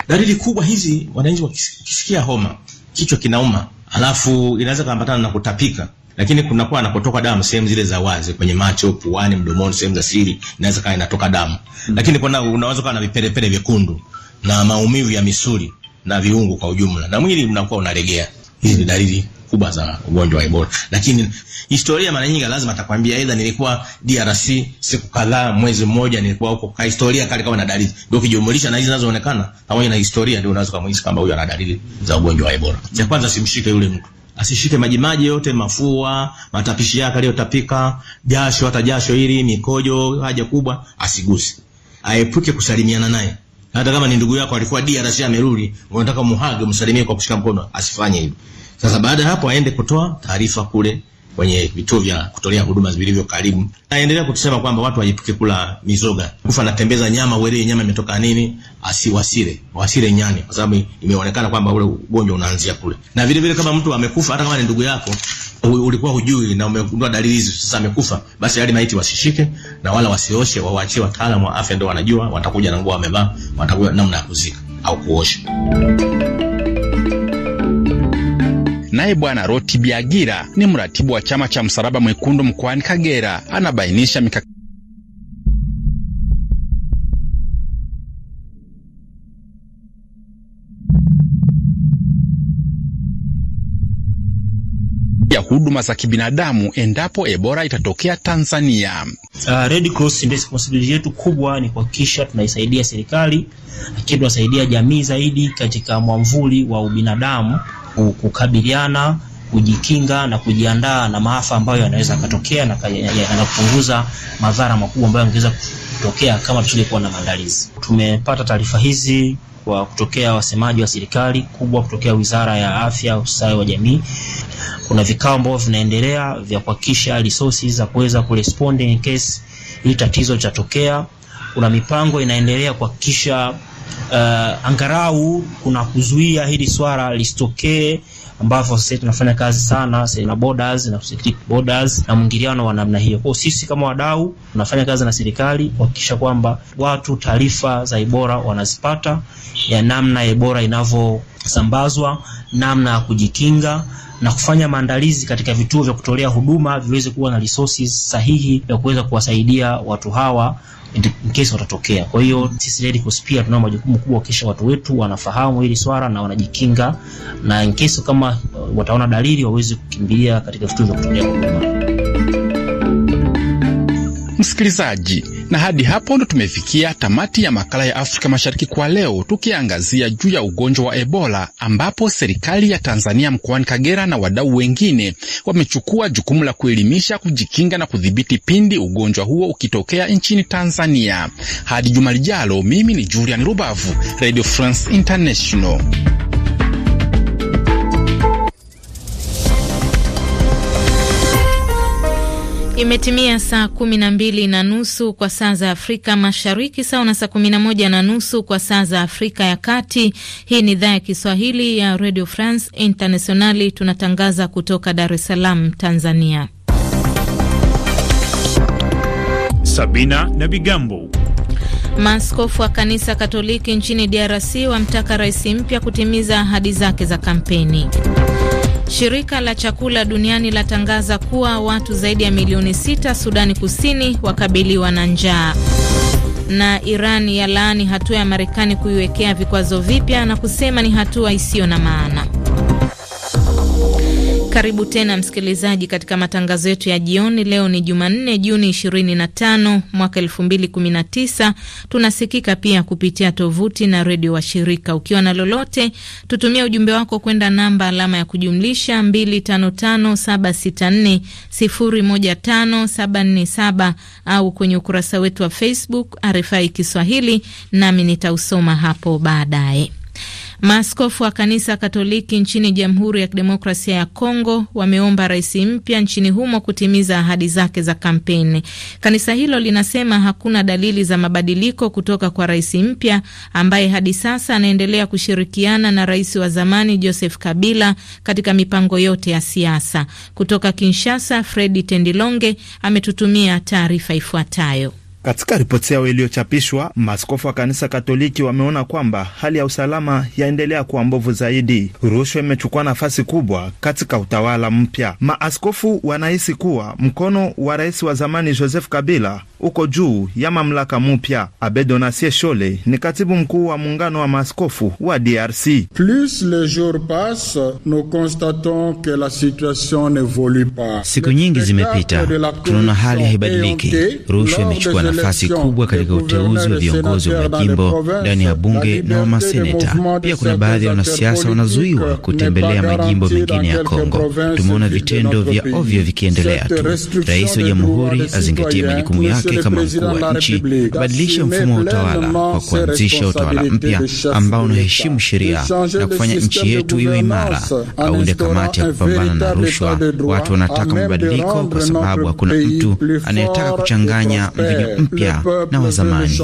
Dalili kubwa hizi, wananchi wakisikia homa, kichwa kinauma, alafu inaweza kuambatana na kutapika lakini kunakuwa anapotoka damu sehemu zile za wazi, kwenye macho, puani, mdomoni, sehemu za siri inaweza kaa inatoka damu mm. Lakini kuna unaweza kuwa na vipelepele vyekundu na maumivu ya misuli na viungo kwa ujumla, na mwili unakuwa unaregea. Hizi ni hmm. dalili kubwa za ugonjwa wa Ebola. Lakini historia mara nyingi lazima atakwambia aidha nilikuwa DRC siku kadhaa mwezi mmoja nilikuwa huko. Kwa historia kale kama na dalili. Ndio kijumlisha na hizi zinazoonekana pamoja na historia ndio unaweza kumhisi kwamba huyu ana dalili za ugonjwa wa Ebola. Cha kwanza simshike yule mtu asishike majimaji yote, mafua, matapishi yake aliyotapika, jasho, hata jasho hili, mikojo, haja kubwa asiguse, aepuke kusalimiana naye hata kama ni ndugu yako alikuwa DRC ameruli unataka muhage, msalimie kwa kushika mkono, asifanye hivyo. Sasa baada ya hapo aende kutoa taarifa kule kwenye vituo vya kutolea huduma vilivyo karibu. Naendelea kusema kwamba watu wajipuke kula mizoga. kufa, anatembeza nyama, uelewe nyama imetoka nini, asi wasile wasile nyani, kwa sababu imeonekana kwamba ule ugonjwa unaanzia kule. Na vile vile kama mtu amekufa, hata kama ni ndugu yako ulikuwa hujui na umegundua dalili hizi, sasa amekufa, basi hadi maiti wasishike na wala wasioshe, wawaachie wataalamu wa afya, ndio wanajua, watakuja na nguo wamevaa, watakuja namna ya kuzika au kuosha. Naye Bwana roti biagira ni mratibu wa chama cha Msalaba Mwekundu mkoani Kagera, anabainisha mikakati ya huduma za kibinadamu endapo Ebola itatokea Tanzania. Uh, Red Cross ndio responsibility yetu kubwa ni kuhakikisha tunaisaidia serikali, lakini tunasaidia jamii zaidi katika mwamvuli wa ubinadamu kukabiliana, kujikinga na kujiandaa na maafa ambayo yanaweza yakatokea na kupunguza madhara makubwa ambayo yangeweza kutokea kama tusingekuwa na maandalizi. Tumepata taarifa hizi kwa kutokea wasemaji wa serikali kubwa, kutokea Wizara ya Afya, Ustawi wa Jamii. Kuna vikao ambavyo vinaendelea vya kuhakikisha resources za kuweza kurespond in case hili tatizo litatokea. Kuna mipango inaendelea kuhakikisha uh, angarau kuna kuzuia hili swala lisitokee, ambavyo sasa tunafanya kazi sana na borders na security borders na mwingiliano wa namna hiyo. Kwa sisi kama wadau tunafanya kazi na serikali kuhakikisha kwamba watu taarifa za Ebola wanazipata, ya namna Ebola inavyosambazwa, namna ya kujikinga na kufanya maandalizi katika vituo vya kutolea huduma viweze kuwa na resources sahihi ya kuweza kuwasaidia watu hawa in case watatokea. Kwa hiyo sisi Red Cross pia tunao majukumu kubwa kisha watu wetu wanafahamu hili swala na wanajikinga, na in case kama uh, wataona dalili waweze kukimbilia katika vituo vya kutolea huduma. Msikilizaji, na hadi hapo ndo tumefikia tamati ya makala ya Afrika Mashariki kwa leo, tukiangazia juu ya ugonjwa wa Ebola, ambapo serikali ya Tanzania mkoani Kagera na wadau wengine wamechukua jukumu la kuelimisha, kujikinga na kudhibiti pindi ugonjwa huo ukitokea nchini Tanzania. Hadi juma lijalo, mimi ni Julian Rubavu, Radio France International. Imetimia saa kumi na mbili na nusu kwa saa za Afrika Mashariki, sawa na saa kumi na moja na nusu kwa saa za Afrika ya Kati. Hii ni idhaa ya Kiswahili ya Radio France Internationali, tunatangaza kutoka Dar es Salaam, Tanzania. Sabina na Bigambo. Maaskofu wa kanisa Katoliki nchini DRC wamtaka rais mpya kutimiza ahadi zake za kampeni. Shirika la chakula duniani latangaza kuwa watu zaidi ya milioni sita Sudani Kusini wakabiliwa na njaa. Na Iran yalaani hatua ya Marekani kuiwekea vikwazo vipya na kusema ni hatua isiyo na maana. Karibu tena msikilizaji, katika matangazo yetu ya jioni. Leo ni Jumanne, Juni 25 mwaka 2019. Tunasikika pia kupitia tovuti na redio wa shirika Ukiwa na lolote, tutumia ujumbe wako kwenda namba alama ya kujumlisha 255764015747 au kwenye ukurasa wetu wa Facebook RFI Kiswahili, nami nitausoma hapo baadaye. Maaskofu wa kanisa Katoliki nchini Jamhuri ya Kidemokrasia ya Kongo wameomba rais mpya nchini humo kutimiza ahadi zake za kampeni. Kanisa hilo linasema hakuna dalili za mabadiliko kutoka kwa rais mpya ambaye hadi sasa anaendelea kushirikiana na rais wa zamani Joseph Kabila katika mipango yote ya siasa. Kutoka Kinshasa, Fredi Tendilonge ametutumia taarifa ifuatayo. Katika ripoti yao iliyochapishwa, maaskofu wa kanisa Katoliki wameona kwamba hali ya usalama yaendelea kuwa mbovu zaidi. Rushwa imechukua nafasi kubwa katika utawala mpya. Maaskofu wanahisi kuwa mkono wa rais wa zamani Joseph Kabila uko juu ya mamlaka mpya. Abedonasie Shole ni katibu mkuu wa muungano wa maaskofu wa DRC. Plus le jour passe, nous constatons que la situation n'evolue pas. Siku nyingi zimepita, tunaona hali haibadiliki. Rushwa imechukua nafasi kubwa katika uteuzi wa viongozi wa majimbo ndani ya bunge na wa maseneta. Pia kuna baadhi ya wanasiasa wanazuiwa kutembelea majimbo mengine ya Kongo. Tumeona vitendo vya ovyo vikiendelea tu. Rais wa jamhuri azingatie majukumu yake kama mkuu wa nchi, abadilisha mfumo wa utawala kwa kuanzisha utawala mpya ambao unaheshimu sheria na kufanya nchi yetu iwe imara. Aunde kamati ya kupambana na rushwa. Watu wanataka mabadiliko kwa sababu hakuna mtu anayetaka kuchanganya mvinyo mpya na wa zamani.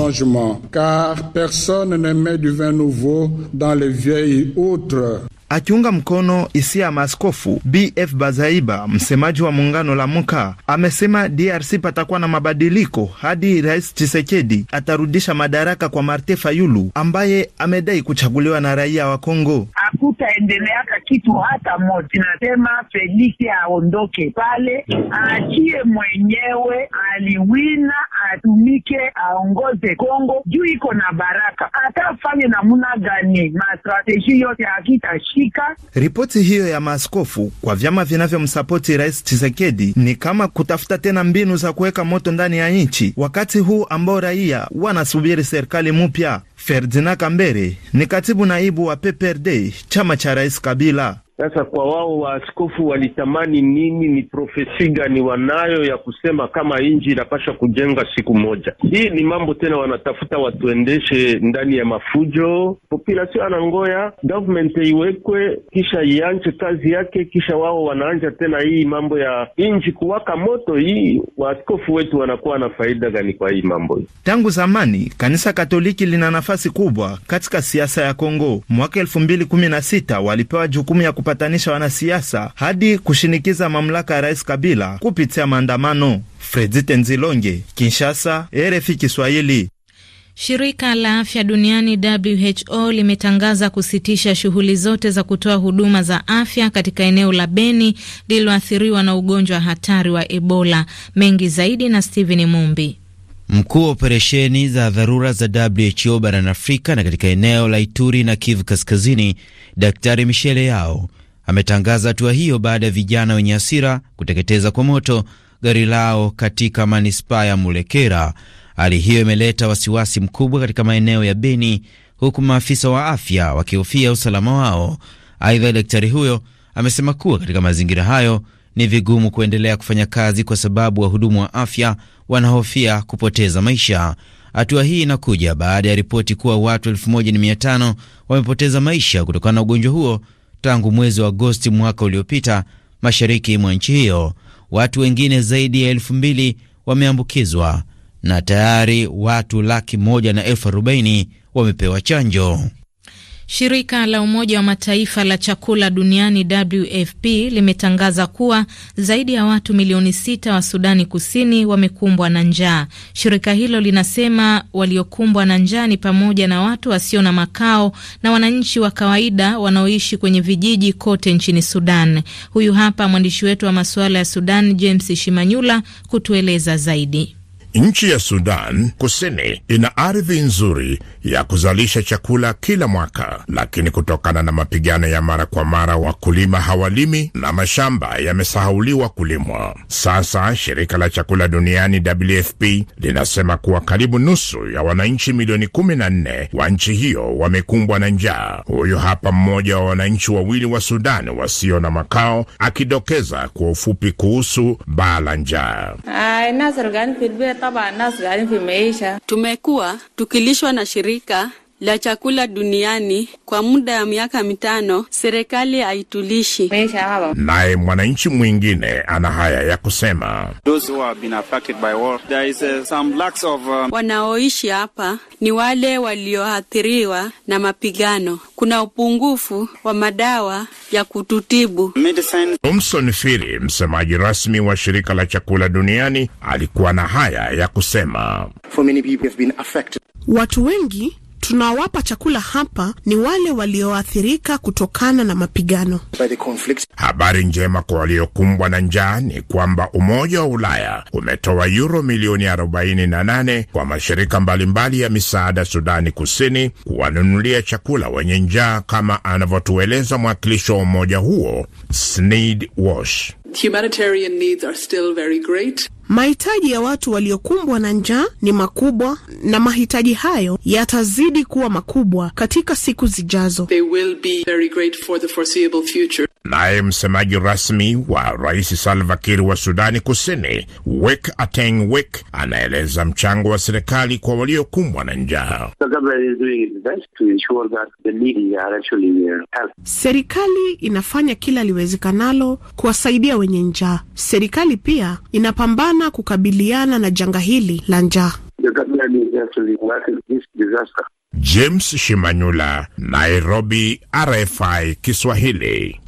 Akiunga mkono hisia ya maaskofu, BF Bazaiba, msemaji wa muungano la Muka, amesema DRC patakuwa na mabadiliko hadi Rais chisekedi atarudisha madaraka kwa marte Fayulu ambaye amedai kuchaguliwa na raia wa Kongo hakutaendeleaka kitu hata moja. Tunasema Felisi aondoke pale, aachie mwenyewe aliwina, atumike, aongoze Kongo juu iko na baraka, atafanye namuna gani mastrateji yote akitashika. Ripoti hiyo ya maaskofu kwa vyama vinavyomsapoti Rais chisekedi ni kama kutafuta tena mbinu za kuweka moto ndani ya nchi, wakati huu ambao raia wanasubiri serikali mpya. Ferdinand Kambere ni katibu naibu wa PPRD chama cha Rais Kabila. Sasa kwa wao waaskofu walitamani nini? Ni profesi gani wanayo ya kusema kama nchi inapasha kujenga siku moja? Hii ni mambo tena, wanatafuta watuendeshe ndani ya mafujo. Populasio anangoya government iwekwe, kisha ianje kazi yake, kisha wao wanaanja tena hii mambo ya nchi kuwaka moto. Hii waaskofu wetu wanakuwa na faida gani kwa hii mambo hii? Tangu zamani kanisa Katoliki lina nafasi kubwa katika siasa ya Kongo. Mwaka elfu mbili kumi na sita walipewa jukumu ya kupa kupatanisha wanasiasa hadi kushinikiza mamlaka ya Rais Kabila kupitia maandamano. Fredi Tenzilonge, Kinshasa, RFI Kiswahili. Shirika la afya duniani WHO limetangaza kusitisha shughuli zote za kutoa huduma za afya katika eneo la Beni lililoathiriwa na ugonjwa hatari wa Ebola. Mengi zaidi na Steven Mumbi. Mkuu wa operesheni za dharura za WHO barani Afrika na katika eneo la Ituri na Kivu Kaskazini, Daktari Michele Yao ametangaza hatua hiyo baada ya vijana wenye hasira kuteketeza kwa moto gari lao katika manispaa ya Mulekera. Hali hiyo imeleta wasiwasi mkubwa katika maeneo ya Beni, huku maafisa wa afya wakihofia usalama wao. Aidha, daktari huyo amesema kuwa katika mazingira hayo ni vigumu kuendelea kufanya kazi kwa sababu wahudumu wa afya wanahofia kupoteza maisha. Hatua hii inakuja baada ya ripoti kuwa watu 1500 wamepoteza maisha kutokana na ugonjwa huo tangu mwezi wa Agosti mwaka uliopita mashariki mwa nchi hiyo. Watu wengine zaidi ya elfu mbili wameambukizwa na tayari watu laki moja na elfu arobaini wamepewa chanjo. Shirika la Umoja wa Mataifa la chakula duniani WFP limetangaza kuwa zaidi ya watu milioni sita wa Sudani Kusini wamekumbwa na njaa. Shirika hilo linasema waliokumbwa na njaa ni pamoja na watu wasio na makao na wananchi wa kawaida wanaoishi kwenye vijiji kote nchini Sudan. Huyu hapa mwandishi wetu wa masuala ya Sudan, James Shimanyula, kutueleza zaidi. Nchi ya Sudan Kusini ina ardhi nzuri ya kuzalisha chakula kila mwaka, lakini kutokana na mapigano ya mara kwa mara, wakulima hawalimi na mashamba yamesahauliwa kulimwa. Sasa shirika la chakula duniani WFP linasema kuwa karibu nusu ya wananchi milioni 14 wa nchi hiyo wamekumbwa na njaa. Huyu hapa mmoja wa wananchi wawili wa Sudan wasio na makao akidokeza kwa ufupi kuhusu baa la njaa. Tumekuwa tukilishwa na shirika la chakula duniani kwa muda ya miaka mitano, serikali haitulishi. Naye mwananchi mwingine ana haya ya kusema: uh, uh, wanaoishi hapa ni wale walioathiriwa na mapigano. Kuna upungufu wa madawa ya kututibu. Thomson Phiri, msemaji rasmi wa shirika la chakula duniani, alikuwa na haya ya kusema: For many people have been affected. Watu wengi tunawapa chakula hapa ni wale walioathirika kutokana na mapigano. Habari njema kwa waliokumbwa na njaa ni kwamba Umoja wa Ulaya umetoa yuro milioni 48 kwa mashirika mbalimbali ya misaada Sudani Kusini kuwanunulia chakula wenye njaa, kama anavyotueleza mwakilishi wa umoja huo Sneed Wash. Humanitarian needs are still very great. Mahitaji ya watu waliokumbwa na njaa ni makubwa na mahitaji hayo yatazidi kuwa makubwa katika siku zijazo. They will be very great for the foreseeable future. Naye msemaji rasmi wa Rais Salva Kiir wa Sudani Kusini, wick Ateng wick anaeleza mchango wa serikali kwa waliokumbwa na njaa. Uh, serikali inafanya kila liwezekanalo kuwasaidia wenye njaa. Serikali pia inapambana kukabiliana na janga hili la njaa. James Shimanyula, Nairobi, RFI Kiswahili.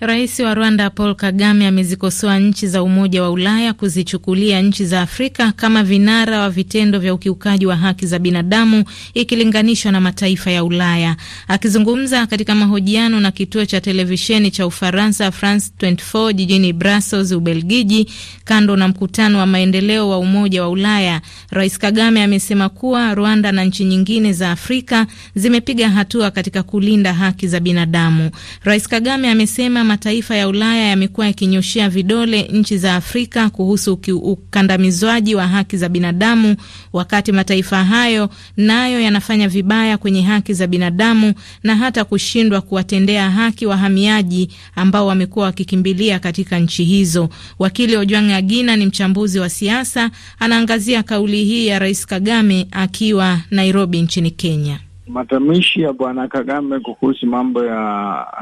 Rais wa Rwanda Paul Kagame amezikosoa nchi za Umoja wa Ulaya kuzichukulia nchi za Afrika kama vinara wa vitendo vya ukiukaji wa haki za binadamu ikilinganishwa na mataifa ya Ulaya. Akizungumza katika mahojiano na kituo cha televisheni cha Ufaransa France 24 jijini Brussels, Ubelgiji, kando na mkutano wa maendeleo wa Umoja wa Ulaya, Rais Kagame amesema kuwa Rwanda na nchi nyingine za Afrika zimepiga hatua katika kulinda haki za binadamu. Rais Kagame amesema mataifa ya Ulaya yamekuwa yakinyoshea vidole nchi za Afrika kuhusu ukandamizwaji wa haki za binadamu, wakati mataifa hayo nayo yanafanya vibaya kwenye haki za binadamu na hata kushindwa kuwatendea haki wahamiaji ambao wamekuwa wakikimbilia katika nchi hizo. Wakili Ojwang Agina ni mchambuzi wa siasa, anaangazia kauli hii ya Rais Kagame akiwa Nairobi nchini Kenya matamishi ya Bwana Kagame kuhusu mambo ya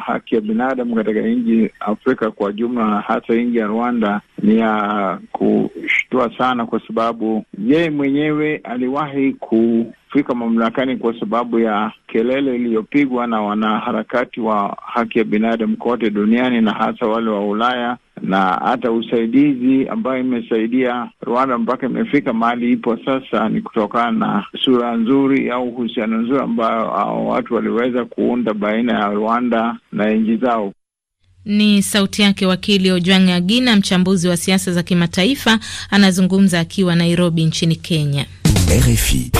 haki ya binadamu katika nchi Afrika kwa jumla, na hasa nchi ya Rwanda ni ya kushtua sana, kwa sababu yeye mwenyewe aliwahi kufika mamlakani kwa sababu ya kelele iliyopigwa na wanaharakati wa haki ya binadamu kote duniani na hasa wale wa Ulaya na hata usaidizi ambayo imesaidia Rwanda mpaka imefika mahali ipo sasa ni kutokana na sura nzuri au uhusiano nzuri ambayo watu waliweza kuunda baina ya Rwanda na nchi zao. Ni sauti yake wakili Ojwang Agina, mchambuzi wa siasa za kimataifa, anazungumza akiwa Nairobi nchini Kenya. RFI.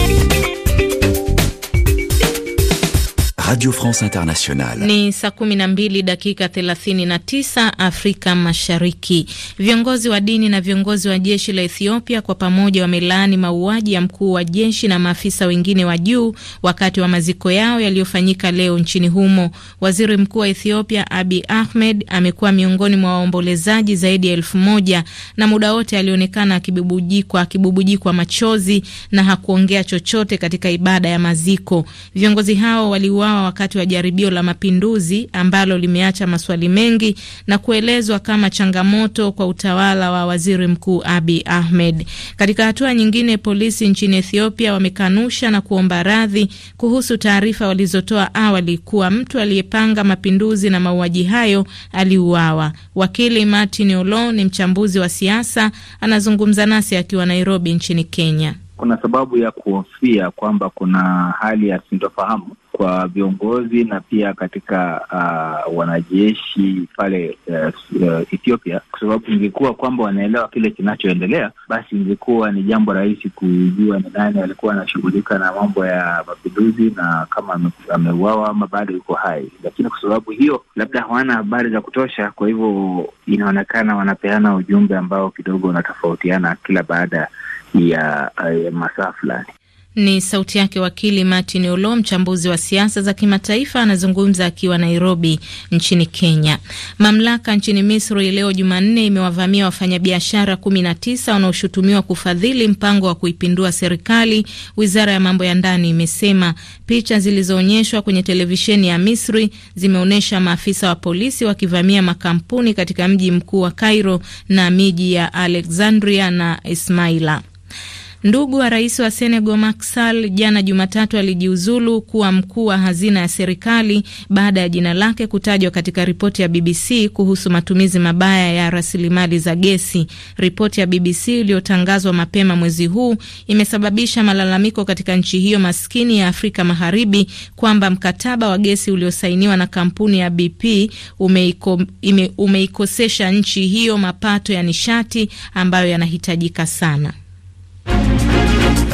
Radio France Internationale. Ni saa 12 dakika 39 Afrika Mashariki. Viongozi wa dini na viongozi wa jeshi la Ethiopia kwa pamoja wamelaani mauaji ya mkuu wa jeshi na maafisa wengine wa juu wakati wa maziko yao yaliyofanyika leo nchini humo. Waziri Mkuu wa Ethiopia abi Ahmed amekuwa miongoni mwa waombolezaji zaidi ya elfu moja na muda wote alionekana akibubujikwa akibubujikwa machozi na hakuongea chochote katika ibada ya maziko. Viongozi hao waliuawa wakati wa jaribio la mapinduzi ambalo limeacha maswali mengi na kuelezwa kama changamoto kwa utawala wa waziri mkuu Abi Ahmed. Katika hatua nyingine, polisi nchini Ethiopia wamekanusha na kuomba radhi kuhusu taarifa walizotoa awali kuwa mtu aliyepanga mapinduzi na mauaji hayo aliuawa. Wakili Martin Olo ni mchambuzi wa siasa, anazungumza nasi akiwa Nairobi nchini Kenya. Kuna sababu ya kuhofia kwamba kuna hali ya sintofahamu kwa viongozi na pia katika uh, wanajeshi pale uh, uh, Ethiopia, kwa sababu ingekuwa kwamba wanaelewa kile kinachoendelea, basi ingekuwa ni jambo rahisi kujua ni nani alikuwa anashughulika na mambo ya mapinduzi na kama ameuawa ama bado yuko hai, lakini kwa sababu hiyo labda hawana habari za kutosha, kwa hivyo inaonekana wanapeana ujumbe ambao kidogo unatofautiana kila baada ya, ya masaa fulani. Ni sauti yake wakili Martin Olo, mchambuzi wa siasa za kimataifa, anazungumza akiwa Nairobi nchini Kenya. Mamlaka nchini Misri leo Jumanne imewavamia wafanyabiashara 19 wanaoshutumiwa kufadhili mpango wa kuipindua serikali, wizara ya mambo ya ndani imesema. Picha zilizoonyeshwa kwenye televisheni ya Misri zimeonyesha maafisa wa polisi wakivamia makampuni katika mji mkuu wa Cairo na miji ya Alexandria na Ismaila. Ndugu wa rais wa Senegal Macky Sall jana Jumatatu alijiuzulu kuwa mkuu wa hazina ya serikali baada ya jina lake kutajwa katika ripoti ya BBC kuhusu matumizi mabaya ya rasilimali za gesi. Ripoti ya BBC iliyotangazwa mapema mwezi huu imesababisha malalamiko katika nchi hiyo maskini ya Afrika Magharibi kwamba mkataba wa gesi uliosainiwa na kampuni ya BP umeiko, ime, umeikosesha nchi hiyo mapato ya nishati ambayo yanahitajika sana.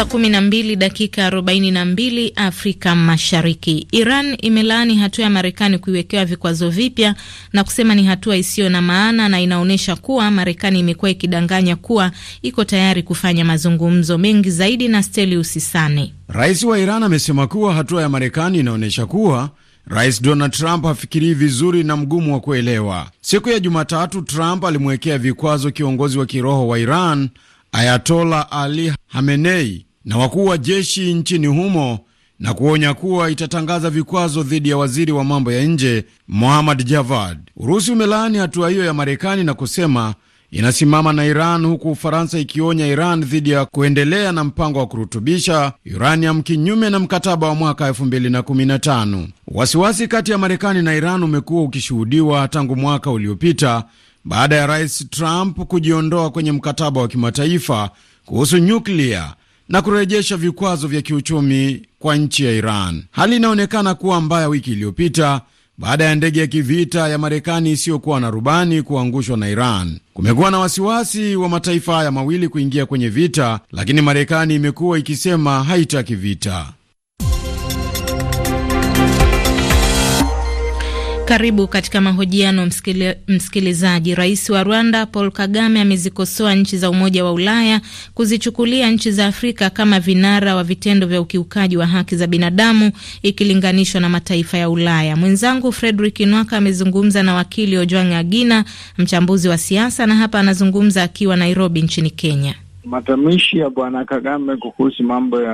Saa 12 dakika 42 Afrika Mashariki. Iran imelaani hatua ya Marekani kuiwekewa vikwazo vipya na kusema ni hatua isiyo na maana na inaonyesha kuwa Marekani imekuwa ikidanganya kuwa iko tayari kufanya mazungumzo mengi zaidi. na Stelius Sane, rais wa Iran, amesema kuwa hatua ya Marekani inaonyesha kuwa Rais Donald Trump hafikirii vizuri na mgumu wa kuelewa. Siku ya Jumatatu, Trump alimwekea vikwazo kiongozi wa kiroho wa Iran Ayatola Ali Hamenei na wakuu wa jeshi nchini humo na kuonya kuwa itatangaza vikwazo dhidi ya waziri wa mambo ya nje Mohammad Javad. Urusi umelaani hatua hiyo ya Marekani na kusema inasimama na Iran, huku Ufaransa ikionya Iran dhidi ya kuendelea na mpango wa kurutubisha uranium kinyume na mkataba wa mwaka 2015. Wasiwasi kati ya Marekani na Iran umekuwa ukishuhudiwa tangu mwaka uliopita baada ya Rais Trump kujiondoa kwenye mkataba wa kimataifa kuhusu nyuklia na kurejesha vikwazo vya kiuchumi kwa nchi ya Iran. Hali inaonekana kuwa mbaya wiki iliyopita baada ya ndege ya kivita ya Marekani isiyokuwa na rubani kuangushwa na Iran. Kumekuwa na wasiwasi wa mataifa haya mawili kuingia kwenye vita, lakini Marekani imekuwa ikisema haitaki vita. Karibu katika mahojiano msikilizaji. Rais wa Rwanda Paul Kagame amezikosoa nchi za Umoja wa Ulaya kuzichukulia nchi za Afrika kama vinara wa vitendo vya ukiukaji wa haki za binadamu ikilinganishwa na mataifa ya Ulaya. Mwenzangu fredrik Nwaka amezungumza na wakili Ojwang Agina, mchambuzi wa siasa, na hapa anazungumza akiwa Nairobi nchini Kenya matamishi ya Bwana Kagame kuhusu mambo ya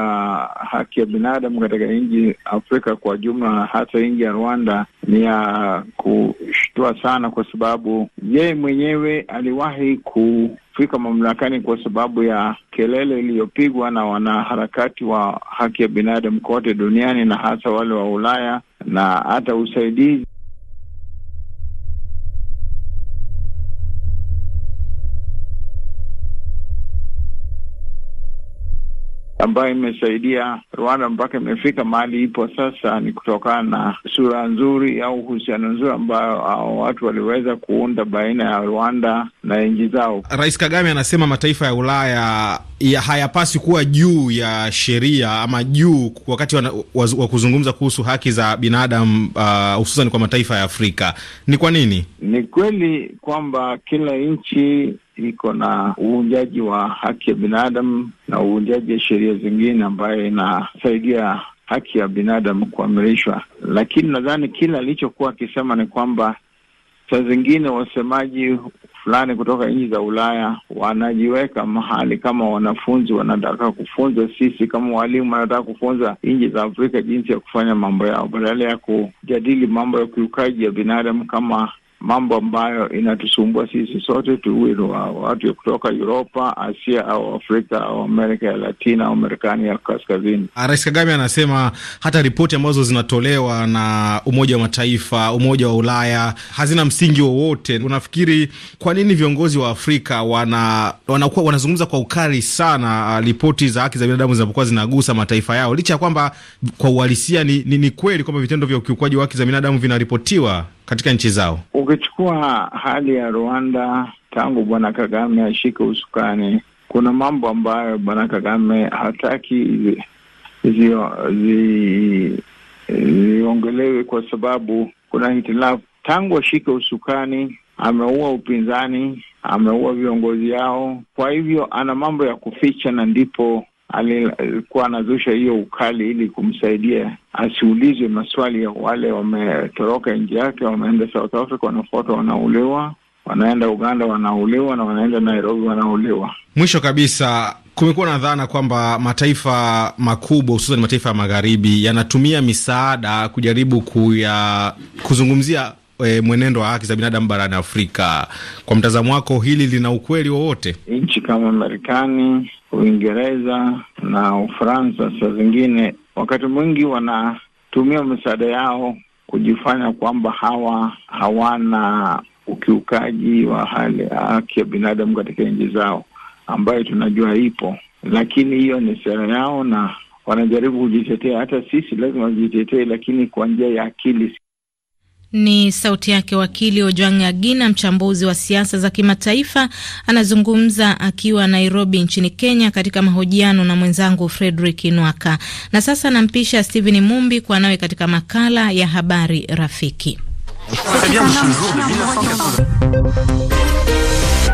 haki ya binadamu katika nchi Afrika kwa jumla, hasa nchi ya Rwanda ni ya kushtua sana, kwa sababu yeye mwenyewe aliwahi kufika mamlakani kwa sababu ya kelele iliyopigwa na wanaharakati wa haki ya binadamu kote duniani na hasa wale wa Ulaya na hata usaidizi ambayo imesaidia Rwanda mpaka imefika mahali ipo sasa, ni kutokana na sura nzuri au uhusiano nzuri ambayo hao watu waliweza kuunda baina ya Rwanda na nchi zao. Rais Kagame anasema mataifa ya Ulaya ya hayapasi kuwa juu ya sheria ama juu wakati wa, wa, wa kuzungumza kuhusu haki za binadamu uh, hususan uh, kwa mataifa ya Afrika. Ni kwa nini? Ni kweli kwamba kila nchi iko na uvunjaji wa haki ya binadamu na uvunjaji wa sheria zingine ambayo inasaidia haki ya binadamu kuamirishwa. Lakini nadhani kile alichokuwa akisema ni kwamba saa zingine wasemaji fulani kutoka nchi za Ulaya wanajiweka mahali kama wanafunzi, wanataka kufunza sisi kama walimu, wanataka kufunza nchi za Afrika jinsi ya kufanya mambo yao badala ya kujadili mambo ya ukiukaji ya binadamu kama mambo ambayo inatusumbua sisi sote, tuwe watu kutoka Uropa, Asia au Afrika au Amerika ya Latina au Marekani ya Kaskazini. Ah, Rais Kagame anasema hata ripoti ambazo zinatolewa na Umoja wa Mataifa, Umoja wa Ulaya hazina msingi wowote. Unafikiri kwa nini viongozi wa Afrika wana wanakuwa wanazungumza kwa ukali sana ah, ripoti za haki za binadamu zinapokuwa zinagusa mataifa yao, licha ya kwamba kwa uhalisia ni, ni, ni kweli kwamba vitendo vya ukiukwaji wa haki za binadamu vinaripotiwa? katika nchi zao. Ukichukua hali ya Rwanda tangu Bwana Kagame ashike usukani, kuna mambo ambayo Bwana Kagame hataki ziongelewe zi, zi kwa sababu kuna hitilafu. Tangu ashike usukani, ameua upinzani, ameua viongozi yao, kwa hivyo ana mambo ya kuficha, na ndipo alikuwa anazusha hiyo ukali ili kumsaidia asiulize maswali ya wale wametoroka nji yake, wameenda South Africa, wanafuata, wanauliwa, wanaenda Uganda, wanauliwa, na wanaenda Nairobi, wanauliwa. Mwisho kabisa, kumekuwa na dhana kwamba mataifa makubwa hususan mataifa ya magharibi yanatumia misaada kujaribu kuya kuzungumzia e, mwenendo wa haki za binadamu barani Afrika. Kwa mtazamo wako, hili lina ukweli wowote? Nchi kama Marekani, Uingereza na Ufaransa saa zingine, wakati mwingi wanatumia misaada yao kujifanya kwamba hawa hawana ukiukaji wa hali ya haki ya binadamu katika nchi zao, ambayo tunajua ipo, lakini hiyo ni sera yao na wanajaribu kujitetea. Hata sisi lazima tujitetee, lakini kwa njia ya akili. Ni sauti yake wakili Ojwang Agina, mchambuzi wa siasa za kimataifa, anazungumza akiwa Nairobi nchini Kenya, katika mahojiano na mwenzangu Fredrick nwaka Na sasa nampisha Stephen Mumbi kwa nawe katika makala ya habari rafiki.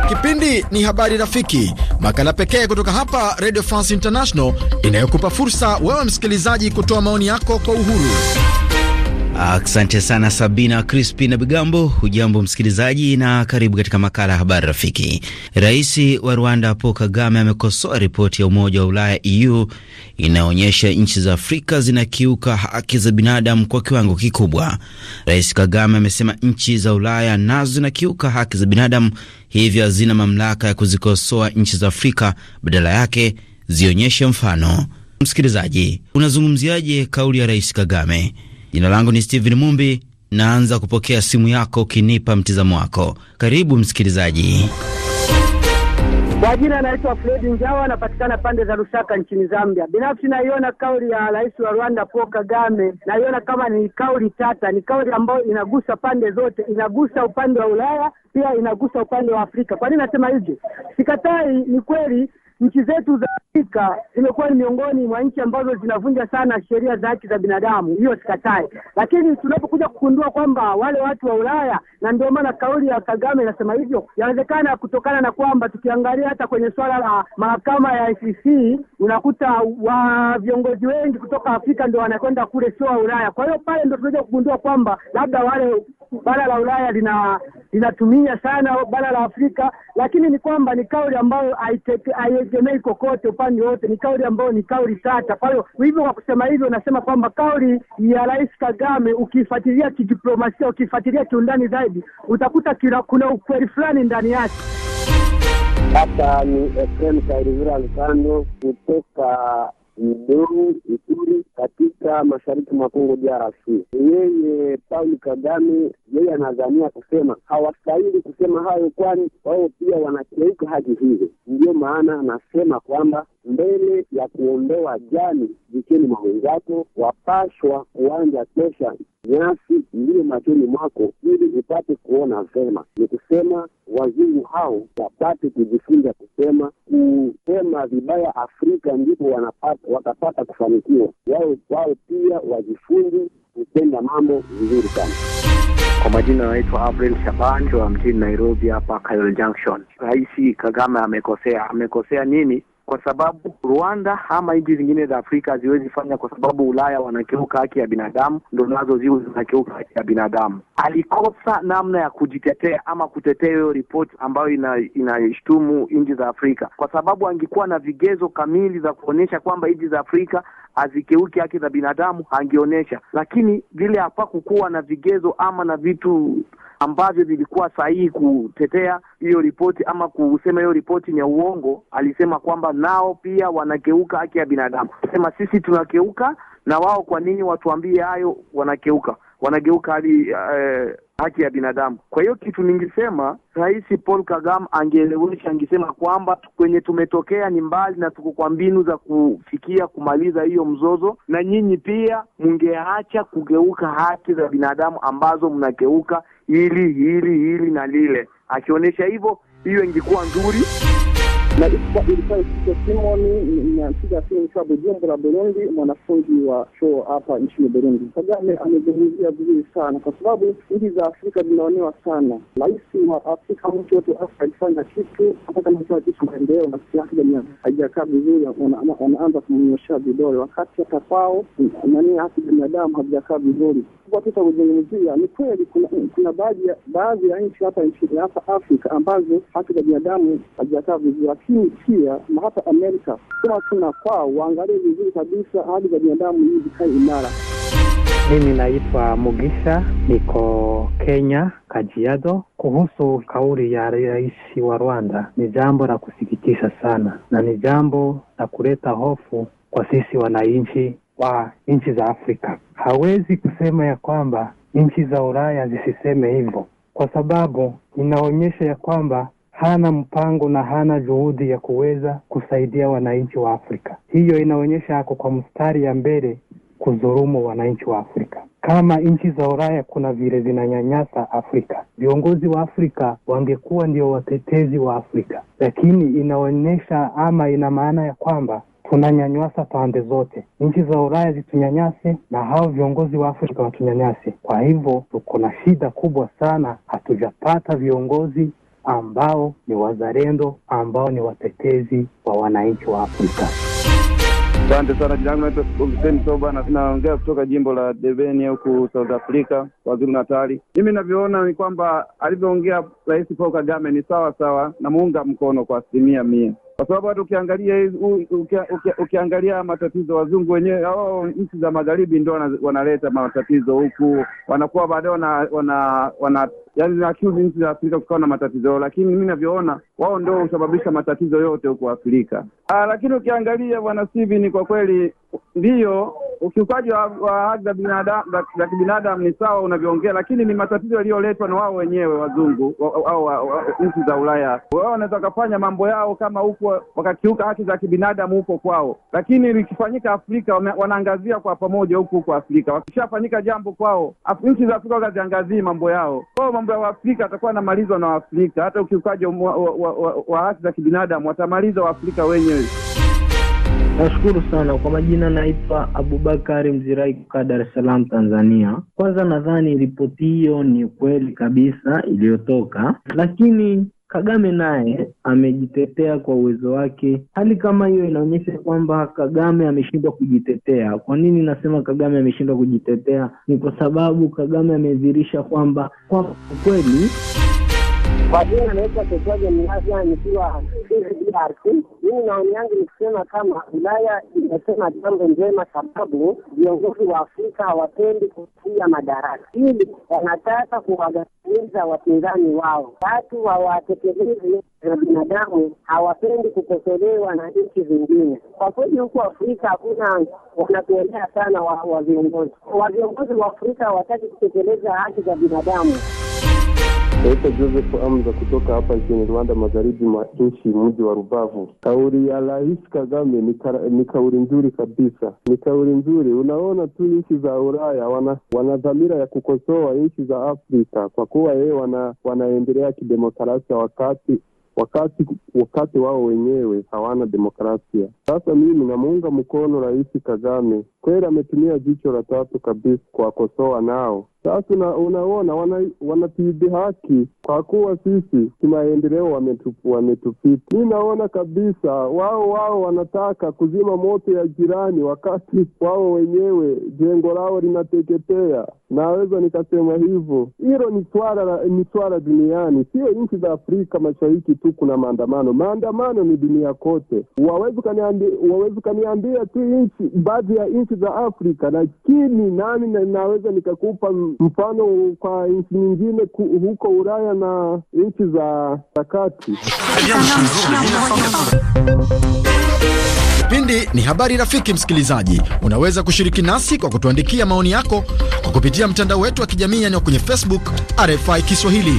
Kipindi ni habari rafiki, makala pekee kutoka hapa Radio France International inayokupa fursa wewe msikilizaji kutoa maoni yako kwa uhuru. Ah, asante sana Sabina Crispi na Bigambo. Hujambo msikilizaji, na karibu katika makala ya habari rafiki. Rais wa Rwanda Paul Kagame amekosoa ripoti ya Umoja wa Ulaya EU inayoonyesha nchi za Afrika zinakiuka haki za binadamu kwa kiwango kikubwa. Rais Kagame amesema nchi za Ulaya nazo zinakiuka haki za binadamu, hivyo hazina mamlaka ya kuzikosoa nchi za Afrika, badala yake zionyeshe mfano. Msikilizaji, unazungumziaje kauli ya Rais Kagame? Jina langu ni Steven Mumbi, naanza kupokea simu yako ukinipa mtizamo wako. Karibu msikilizaji. Kwa jina anaitwa Fredi Njawa, anapatikana pande za Lusaka nchini Zambia. Binafsi naiona kauli ya rais wa Rwanda Paul Kagame, naiona kama ni kauli tata, ni kauli ambayo inagusa pande zote, inagusa upande wa Ulaya pia inagusa upande wa Afrika. Kwa nini nasema hivi? Sikatai, ni kweli nchi zetu za Afrika zimekuwa ni miongoni mwa nchi ambazo zinavunja sana sheria za haki za binadamu, hiyo sikatai, lakini tunapokuja kugundua kwamba wale watu wa Ulaya, na ndio maana kauli ya Kagame inasema hivyo, yawezekana kutokana na kwamba tukiangalia hata kwenye swala la mahakama ya ICC unakuta wa viongozi wengi kutoka Afrika ndio wanakwenda kule, sio wa Ulaya. Kwa hiyo pale ndio tunaweza kugundua kwamba labda wale bara la Ulaya lina linatumia sana bara la Afrika, lakini ni kwamba ni kauli ambayo haiegemei kokote upande wote, ni kauli ambayo ni kauli tata. Kwa hiyo hivyo, kwa kusema hivyo, nasema kwamba kauli ya Rais Kagame ukifuatilia kidiplomasia, ukifuatilia kiundani zaidi, utakuta kila, kuna ukweli fulani ndani yake. Hapa ni Efrem Kairivira lukando kutoka mdogo Ituri katika mashariki mwa Kongo DRC. Yeye Paul Kagame yeye anadhania kusema hawastahili kusema hayo, kwani wao pia wanakeuka haki hizo. Ndiyo maana anasema kwamba mbele ya kuondoa jani jicheni mwa mwenzako, wapashwa kuanja tosha nyasi ndiyo machoni mwako ili upate kuona vema. Ni kusema wazungu hao wapate kujifunza kusema kusema vibaya Afrika, ndipo watapata kufanikiwa wao. Wao pia wajifunze kutenda mambo vizuri sana. Kwa majina anaitwa April Shaban wa mjini Nairobi hapa Kayole Junction. Rais Kagame amekosea. Amekosea nini? kwa sababu Rwanda ama nchi zingine za Afrika haziwezi fanya, kwa sababu Ulaya wanakiuka haki ya binadamu, ndo nazo ziwe zinakiuka haki ya binadamu. Alikosa namna ya kujitetea ama kutetea hiyo ripoti ambayo inashtumu ina nchi za Afrika, kwa sababu angekuwa na vigezo kamili za kuonyesha kwamba nchi za Afrika hazikeuki haki za binadamu angeonyesha, lakini vile hapakukuwa na vigezo ama na vitu ambavyo vilikuwa sahihi kutetea hiyo ripoti ama kusema hiyo ripoti ni ya uongo. Alisema kwamba nao pia wanakeuka haki ya binadamu, sema sisi tunakeuka na wao, kwa nini watuambie hayo wanakeuka? wanageuka hadi eh, haki ya binadamu. Kwa hiyo kitu ningisema Rais Paul Kagame angeelewesha, angesema kwamba kwenye tumetokea ni mbali na tuko kwa mbinu za kufikia kumaliza hiyo mzozo, na nyinyi pia mngeacha kugeuka haki za binadamu ambazo mnageuka hili hili hili na lile. Akionyesha hivyo, hiyo ingekuwa nzuri ilikuwa ikiitwa Simoni inapiga simu kwa Bujumbura, Burundi, mwanafunzi wa chuo hapa nchini Burundi. Kagame amezungumzia vizuri sana, kwa sababu nchi za Afrika zinaonewa sana. Rais wa Afrika mtu wote Afrika kitu hata kama kitu maendeleo na siasa haijakaa vizuri, wanaanza kumnyoshea vidole, wakati hata kwao nani haki za binadamu havijakaa vizuri. kuzungumzia, ni kweli, kuna baadhi ya nchi hapa hapa Afrika ambazo haki za binadamu hazijakaa vizuri lakini pia eh, na hata Amerika, kama tunafaa waangalie vizuri kabisa hali za binadamu hizi kai imara. Mimi naitwa Mugisha, niko Kenya, Kajiado. Kuhusu kauli ya rais wa Rwanda, ni jambo la kusikitisha sana na ni jambo la kuleta hofu kwa sisi wananchi wa nchi za Afrika. Hawezi kusema ya kwamba nchi za Ulaya zisiseme hivyo, kwa sababu inaonyesha ya kwamba hana mpango na hana juhudi ya kuweza kusaidia wananchi wa Afrika. Hiyo inaonyesha ako kwa mstari ya mbele kuzurumu wananchi wa Afrika. Kama nchi za Ulaya kuna vile zinanyanyasa Afrika, viongozi wa Afrika wangekuwa ndio watetezi wa Afrika, lakini inaonyesha ama ina maana ya kwamba tunanyanyasa pande zote. Nchi za Ulaya zitunyanyase na hao viongozi wa Afrika watunyanyase. Kwa hivyo tuko na shida kubwa sana, hatujapata viongozi ambao ni wazalendo, ambao ni watetezi wa wananchi wa Afrika. Asante sana. Jina langu naitwa Hussein Soba, naongea kutoka jimbo la Debenia huku South Africa, Kwazulu Natali. Mimi navyoona ni kwamba alivyoongea Rais Paul Kagame ni sawa sawa, namuunga mkono kwa asilimia mia kwa sababu hata ukiangalia ukiangalia matatizo wazungu wenyewe hao nchi za magharibi ndio wanaleta matatizo huku, wanakuwa baadaye wana, wana, wana, yani na nchi za Afrika kukawa na matatizo, lakini mimi navyoona wao ndio husababisha matatizo yote huko Afrika. Aa, ah, lakini ukiangalia bwana Steven, ni kwa kweli ndiyo ukiukaji wa, wa haki za binadamu za kibinadamu ni sawa unavyoongea, lakini ni matatizo yaliyoletwa na wao wenyewe wazungu au nchi za Ulaya. Wao wanaweza wakafanya mambo yao kama huko wakakiuka haki za kibinadamu huko kwao, lakini likifanyika Afrika wanaangazia kwa pamoja huku huko Afrika. Wakishafanyika jambo kwao, nchi za Afrika wakaziangazii mambo yao kwao mambo ya Waafrika atakuwa anamalizwa na Waafrika. Hata ukiukaji wa, wa, wa, wa haki za kibinadamu watamaliza Waafrika wenyewe. Nashukuru sana kwa majina, naitwa Abubakari Mzirai kukaa dares salam Salaam, Tanzania. Kwanza nadhani ripoti hiyo ni kweli kabisa iliyotoka, lakini Kagame naye amejitetea kwa uwezo wake. Hali kama hiyo inaonyesha kwamba Kagame ameshindwa kujitetea. Kwa nini nasema Kagame ameshindwa kujitetea? Ni kwa sababu Kagame amedhihirisha kwamba kwa kweli kwa jina anaitwa Kejoje Mlaza, nikiwa DRC. Mimi maoni yangu ni kusema kama Ulaya imesema jambo njema, sababu viongozi wa Afrika hawapendi kufuia madaraka, ili wanataka kuwagandamiza wapinzani wao. Watu hawatekelezi za binadamu, hawapendi kukosolewa na nchi zingine. Kwa kweli, huku Afrika hakuna wanatuelea sana wa viongozi wa viongozi wa Afrika hawataki kutekeleza haki za binadamu. Naitwa Joseph Amza kutoka hapa nchini Rwanda, magharibi mwa nchi, mji wa Rubavu. Kauli ya Rais Kagame ni, ni kauli nzuri kabisa, ni kauli nzuri. Unaona tu nchi za Ulaya wana, wana dhamira ya kukosoa nchi za Afrika kwa kuwa yeye wana, wanaendelea kidemokrasia wakati wakati wakati wao wenyewe hawana demokrasia. Sasa mimi namuunga mkono Rais Kagame, kweli ametumia jicho la tatu kabisa kuwakosoa nao sasa unaona wanatibi wana kwa kuwa sisi kimaendeleo wametupita wametu. Mi naona kabisa wao wao wanataka kuzima moto ya jirani, wakati wao wenyewe jengo lao linateketea. Naweza nikasema hivyo, hilo ni swala ni swala duniani, sio nchi za Afrika Mashariki tu. Kuna maandamano, maandamano ni dunia kote. Wawezi ukaniambia tu nchi, baadhi ya nchi za Afrika, lakini nami naweza nikakupa mfano kwa nchi nyingine huko Ulaya na nchi za kati. Kipindi ni habari rafiki. Msikilizaji, unaweza kushiriki nasi kwa kutuandikia maoni yako kwa kupitia mtandao wetu wa kijamii yani kwenye Facebook RFI Kiswahili.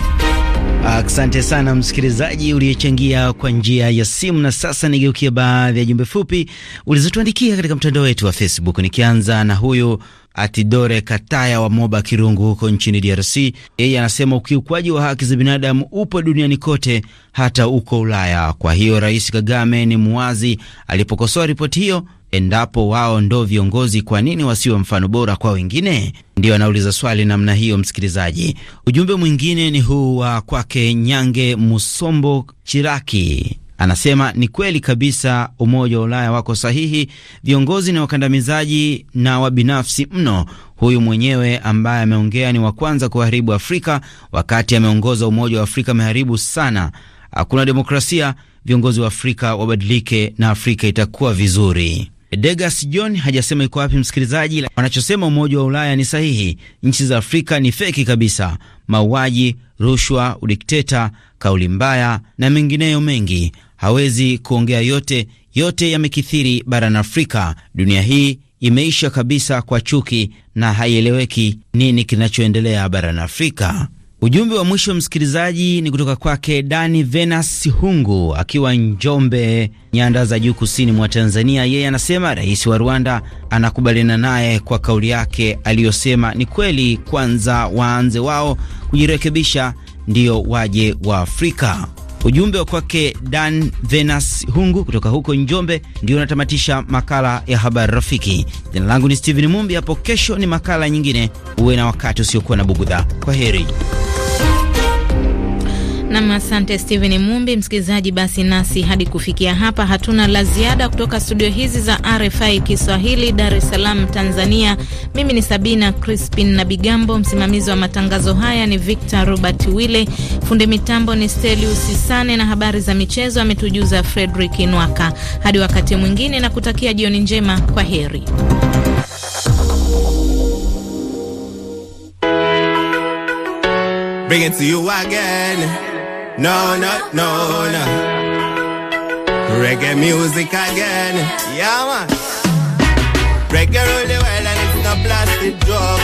Asante sana msikilizaji uliyechangia kwa njia ya simu. Na sasa nigeukia baadhi ya jumbe fupi ulizotuandikia katika mtandao wetu wa Facebook, nikianza na huyu Atidore Kataya wa Moba Kirungu huko nchini DRC. Yeye anasema ukiukwaji wa haki za binadamu upo duniani kote, hata uko Ulaya. Kwa hiyo Rais Kagame ni muwazi alipokosoa ripoti hiyo. Endapo wao ndo viongozi, kwa nini wasiwe mfano bora kwa wengine? Ndiyo anauliza swali namna hiyo, msikilizaji. Ujumbe mwingine ni huu wa kwake Nyange Musombo Chiraki Anasema ni kweli kabisa, Umoja wa Ulaya wako sahihi, viongozi ni wakandamizaji na wabinafsi mno. Huyu mwenyewe ambaye ameongea ni wa kwanza kuharibu Afrika, wakati ameongoza Umoja wa Afrika ameharibu sana. Hakuna demokrasia, viongozi wa Afrika wabadilike na Afrika itakuwa vizuri. Degas John hajasema iko wapi msikilizaji. Wanachosema Umoja wa Ulaya ni sahihi, nchi za Afrika ni feki kabisa. Mauaji, rushwa, udikteta, kauli mbaya na mengineyo mengi hawezi kuongea yote. Yote yamekithiri barani Afrika. Dunia hii imeisha kabisa kwa chuki na haieleweki nini kinachoendelea barani Afrika. Ujumbe wa mwisho msikilizaji ni kutoka kwake Dani Venas Hungu akiwa Njombe, nyanda za juu kusini mwa Tanzania. Yeye anasema rais wa Rwanda anakubaliana naye kwa kauli yake aliyosema, ni kweli, kwanza waanze wao kujirekebisha, ndiyo waje wa Afrika. Ujumbe wa kwake Dan Venas Hungu kutoka huko Njombe ndio unatamatisha makala ya habari rafiki. Jina langu ni Steven Mumbi. Hapo kesho ni makala nyingine. Uwe na wakati usiokuwa na bugudha. Kwa heri. Nam, asante Steven Mumbi. Msikilizaji, basi nasi hadi kufikia hapa hatuna la ziada kutoka studio hizi za RFI Kiswahili, Dar es Salaam, Tanzania. Mimi ni Sabina Crispin na Bigambo, msimamizi wa matangazo haya ni Victor Robert Wille, fundi mitambo ni Stelius Sane na habari za michezo ametujuza Frederick nwaka Hadi wakati mwingine, na kutakia jioni njema, kwa heri. Bring it to you again. No, no, no, no. Reggae music again. Yeah, man. Reggae rule the world and it's no plastic drug.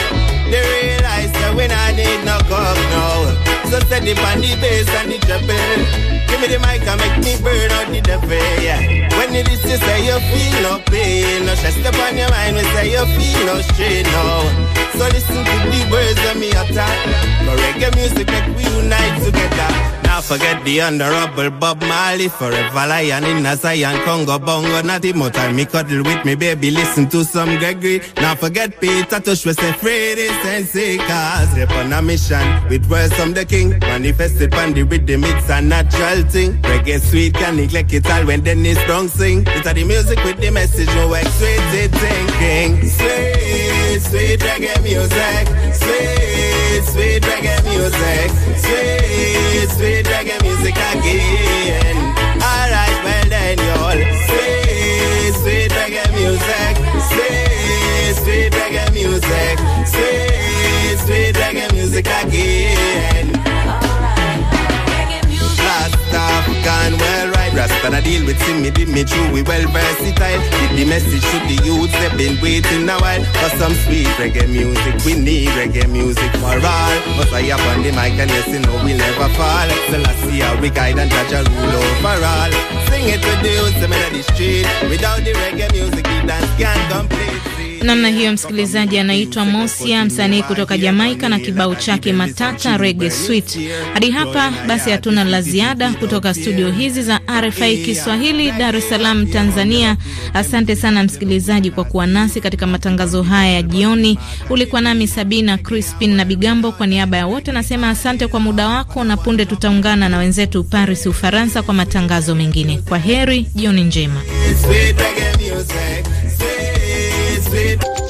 They realize that we not need no coke now. So send it on the bass and the treble. Give me the mic and make me burn out the devil, yeah. When you this, you say you feel no pain, no stress upon your mind. We say you feel no strain, no. So listen to the words of me attack. No reggae music make we unite together. Now forget the honorable Bob Marley, forever lion in a Zion, Congo Bongo. Not the more time me cuddle with me baby, listen to some Gregory. Now forget Peter Tush, we say Freddy Sensei, cause they're on a mission with words from the king. Manifested pandit with the mix, a natural thing. Reggae sweet, can neglect it all when then it's strong sing. This the music with the message, no x sweet thinking. Sweet, sweet reggae music. Sweet, sweet reggae music. Sweet, sweet reggae music again. Alright, well then y'all. Sweet, sweet reggae music. Sweet, sweet reggae music. Sweet, sweet reggae music again. Alright, reggae music. Last African, well Rasta I deal with him, me did me true, we well versatile. Give the message to the youth they've been waiting a while for some sweet reggae music. We need reggae music for all. But I up on the mic and yes, you know we never fall. So let's see how we guide and judge a rule over all. Sing it to the youths, the men of the street. Without the reggae music, the dance can't complete. namna hiyo. Msikilizaji anaitwa Mosia, msanii kutoka Jamaika na kibao chake Matata Reggae swit Hadi hapa basi, hatuna la ziada kutoka studio hizi za RFI Kiswahili, Dar es Salaam, Tanzania. Asante sana msikilizaji kwa kuwa nasi katika matangazo haya ya jioni. Ulikuwa nami Sabina Crispin na Bigambo. Kwa niaba ya wote nasema asante kwa muda wako, na punde tutaungana na wenzetu Paris, Ufaransa, kwa matangazo mengine. Kwa heri, jioni njema. it.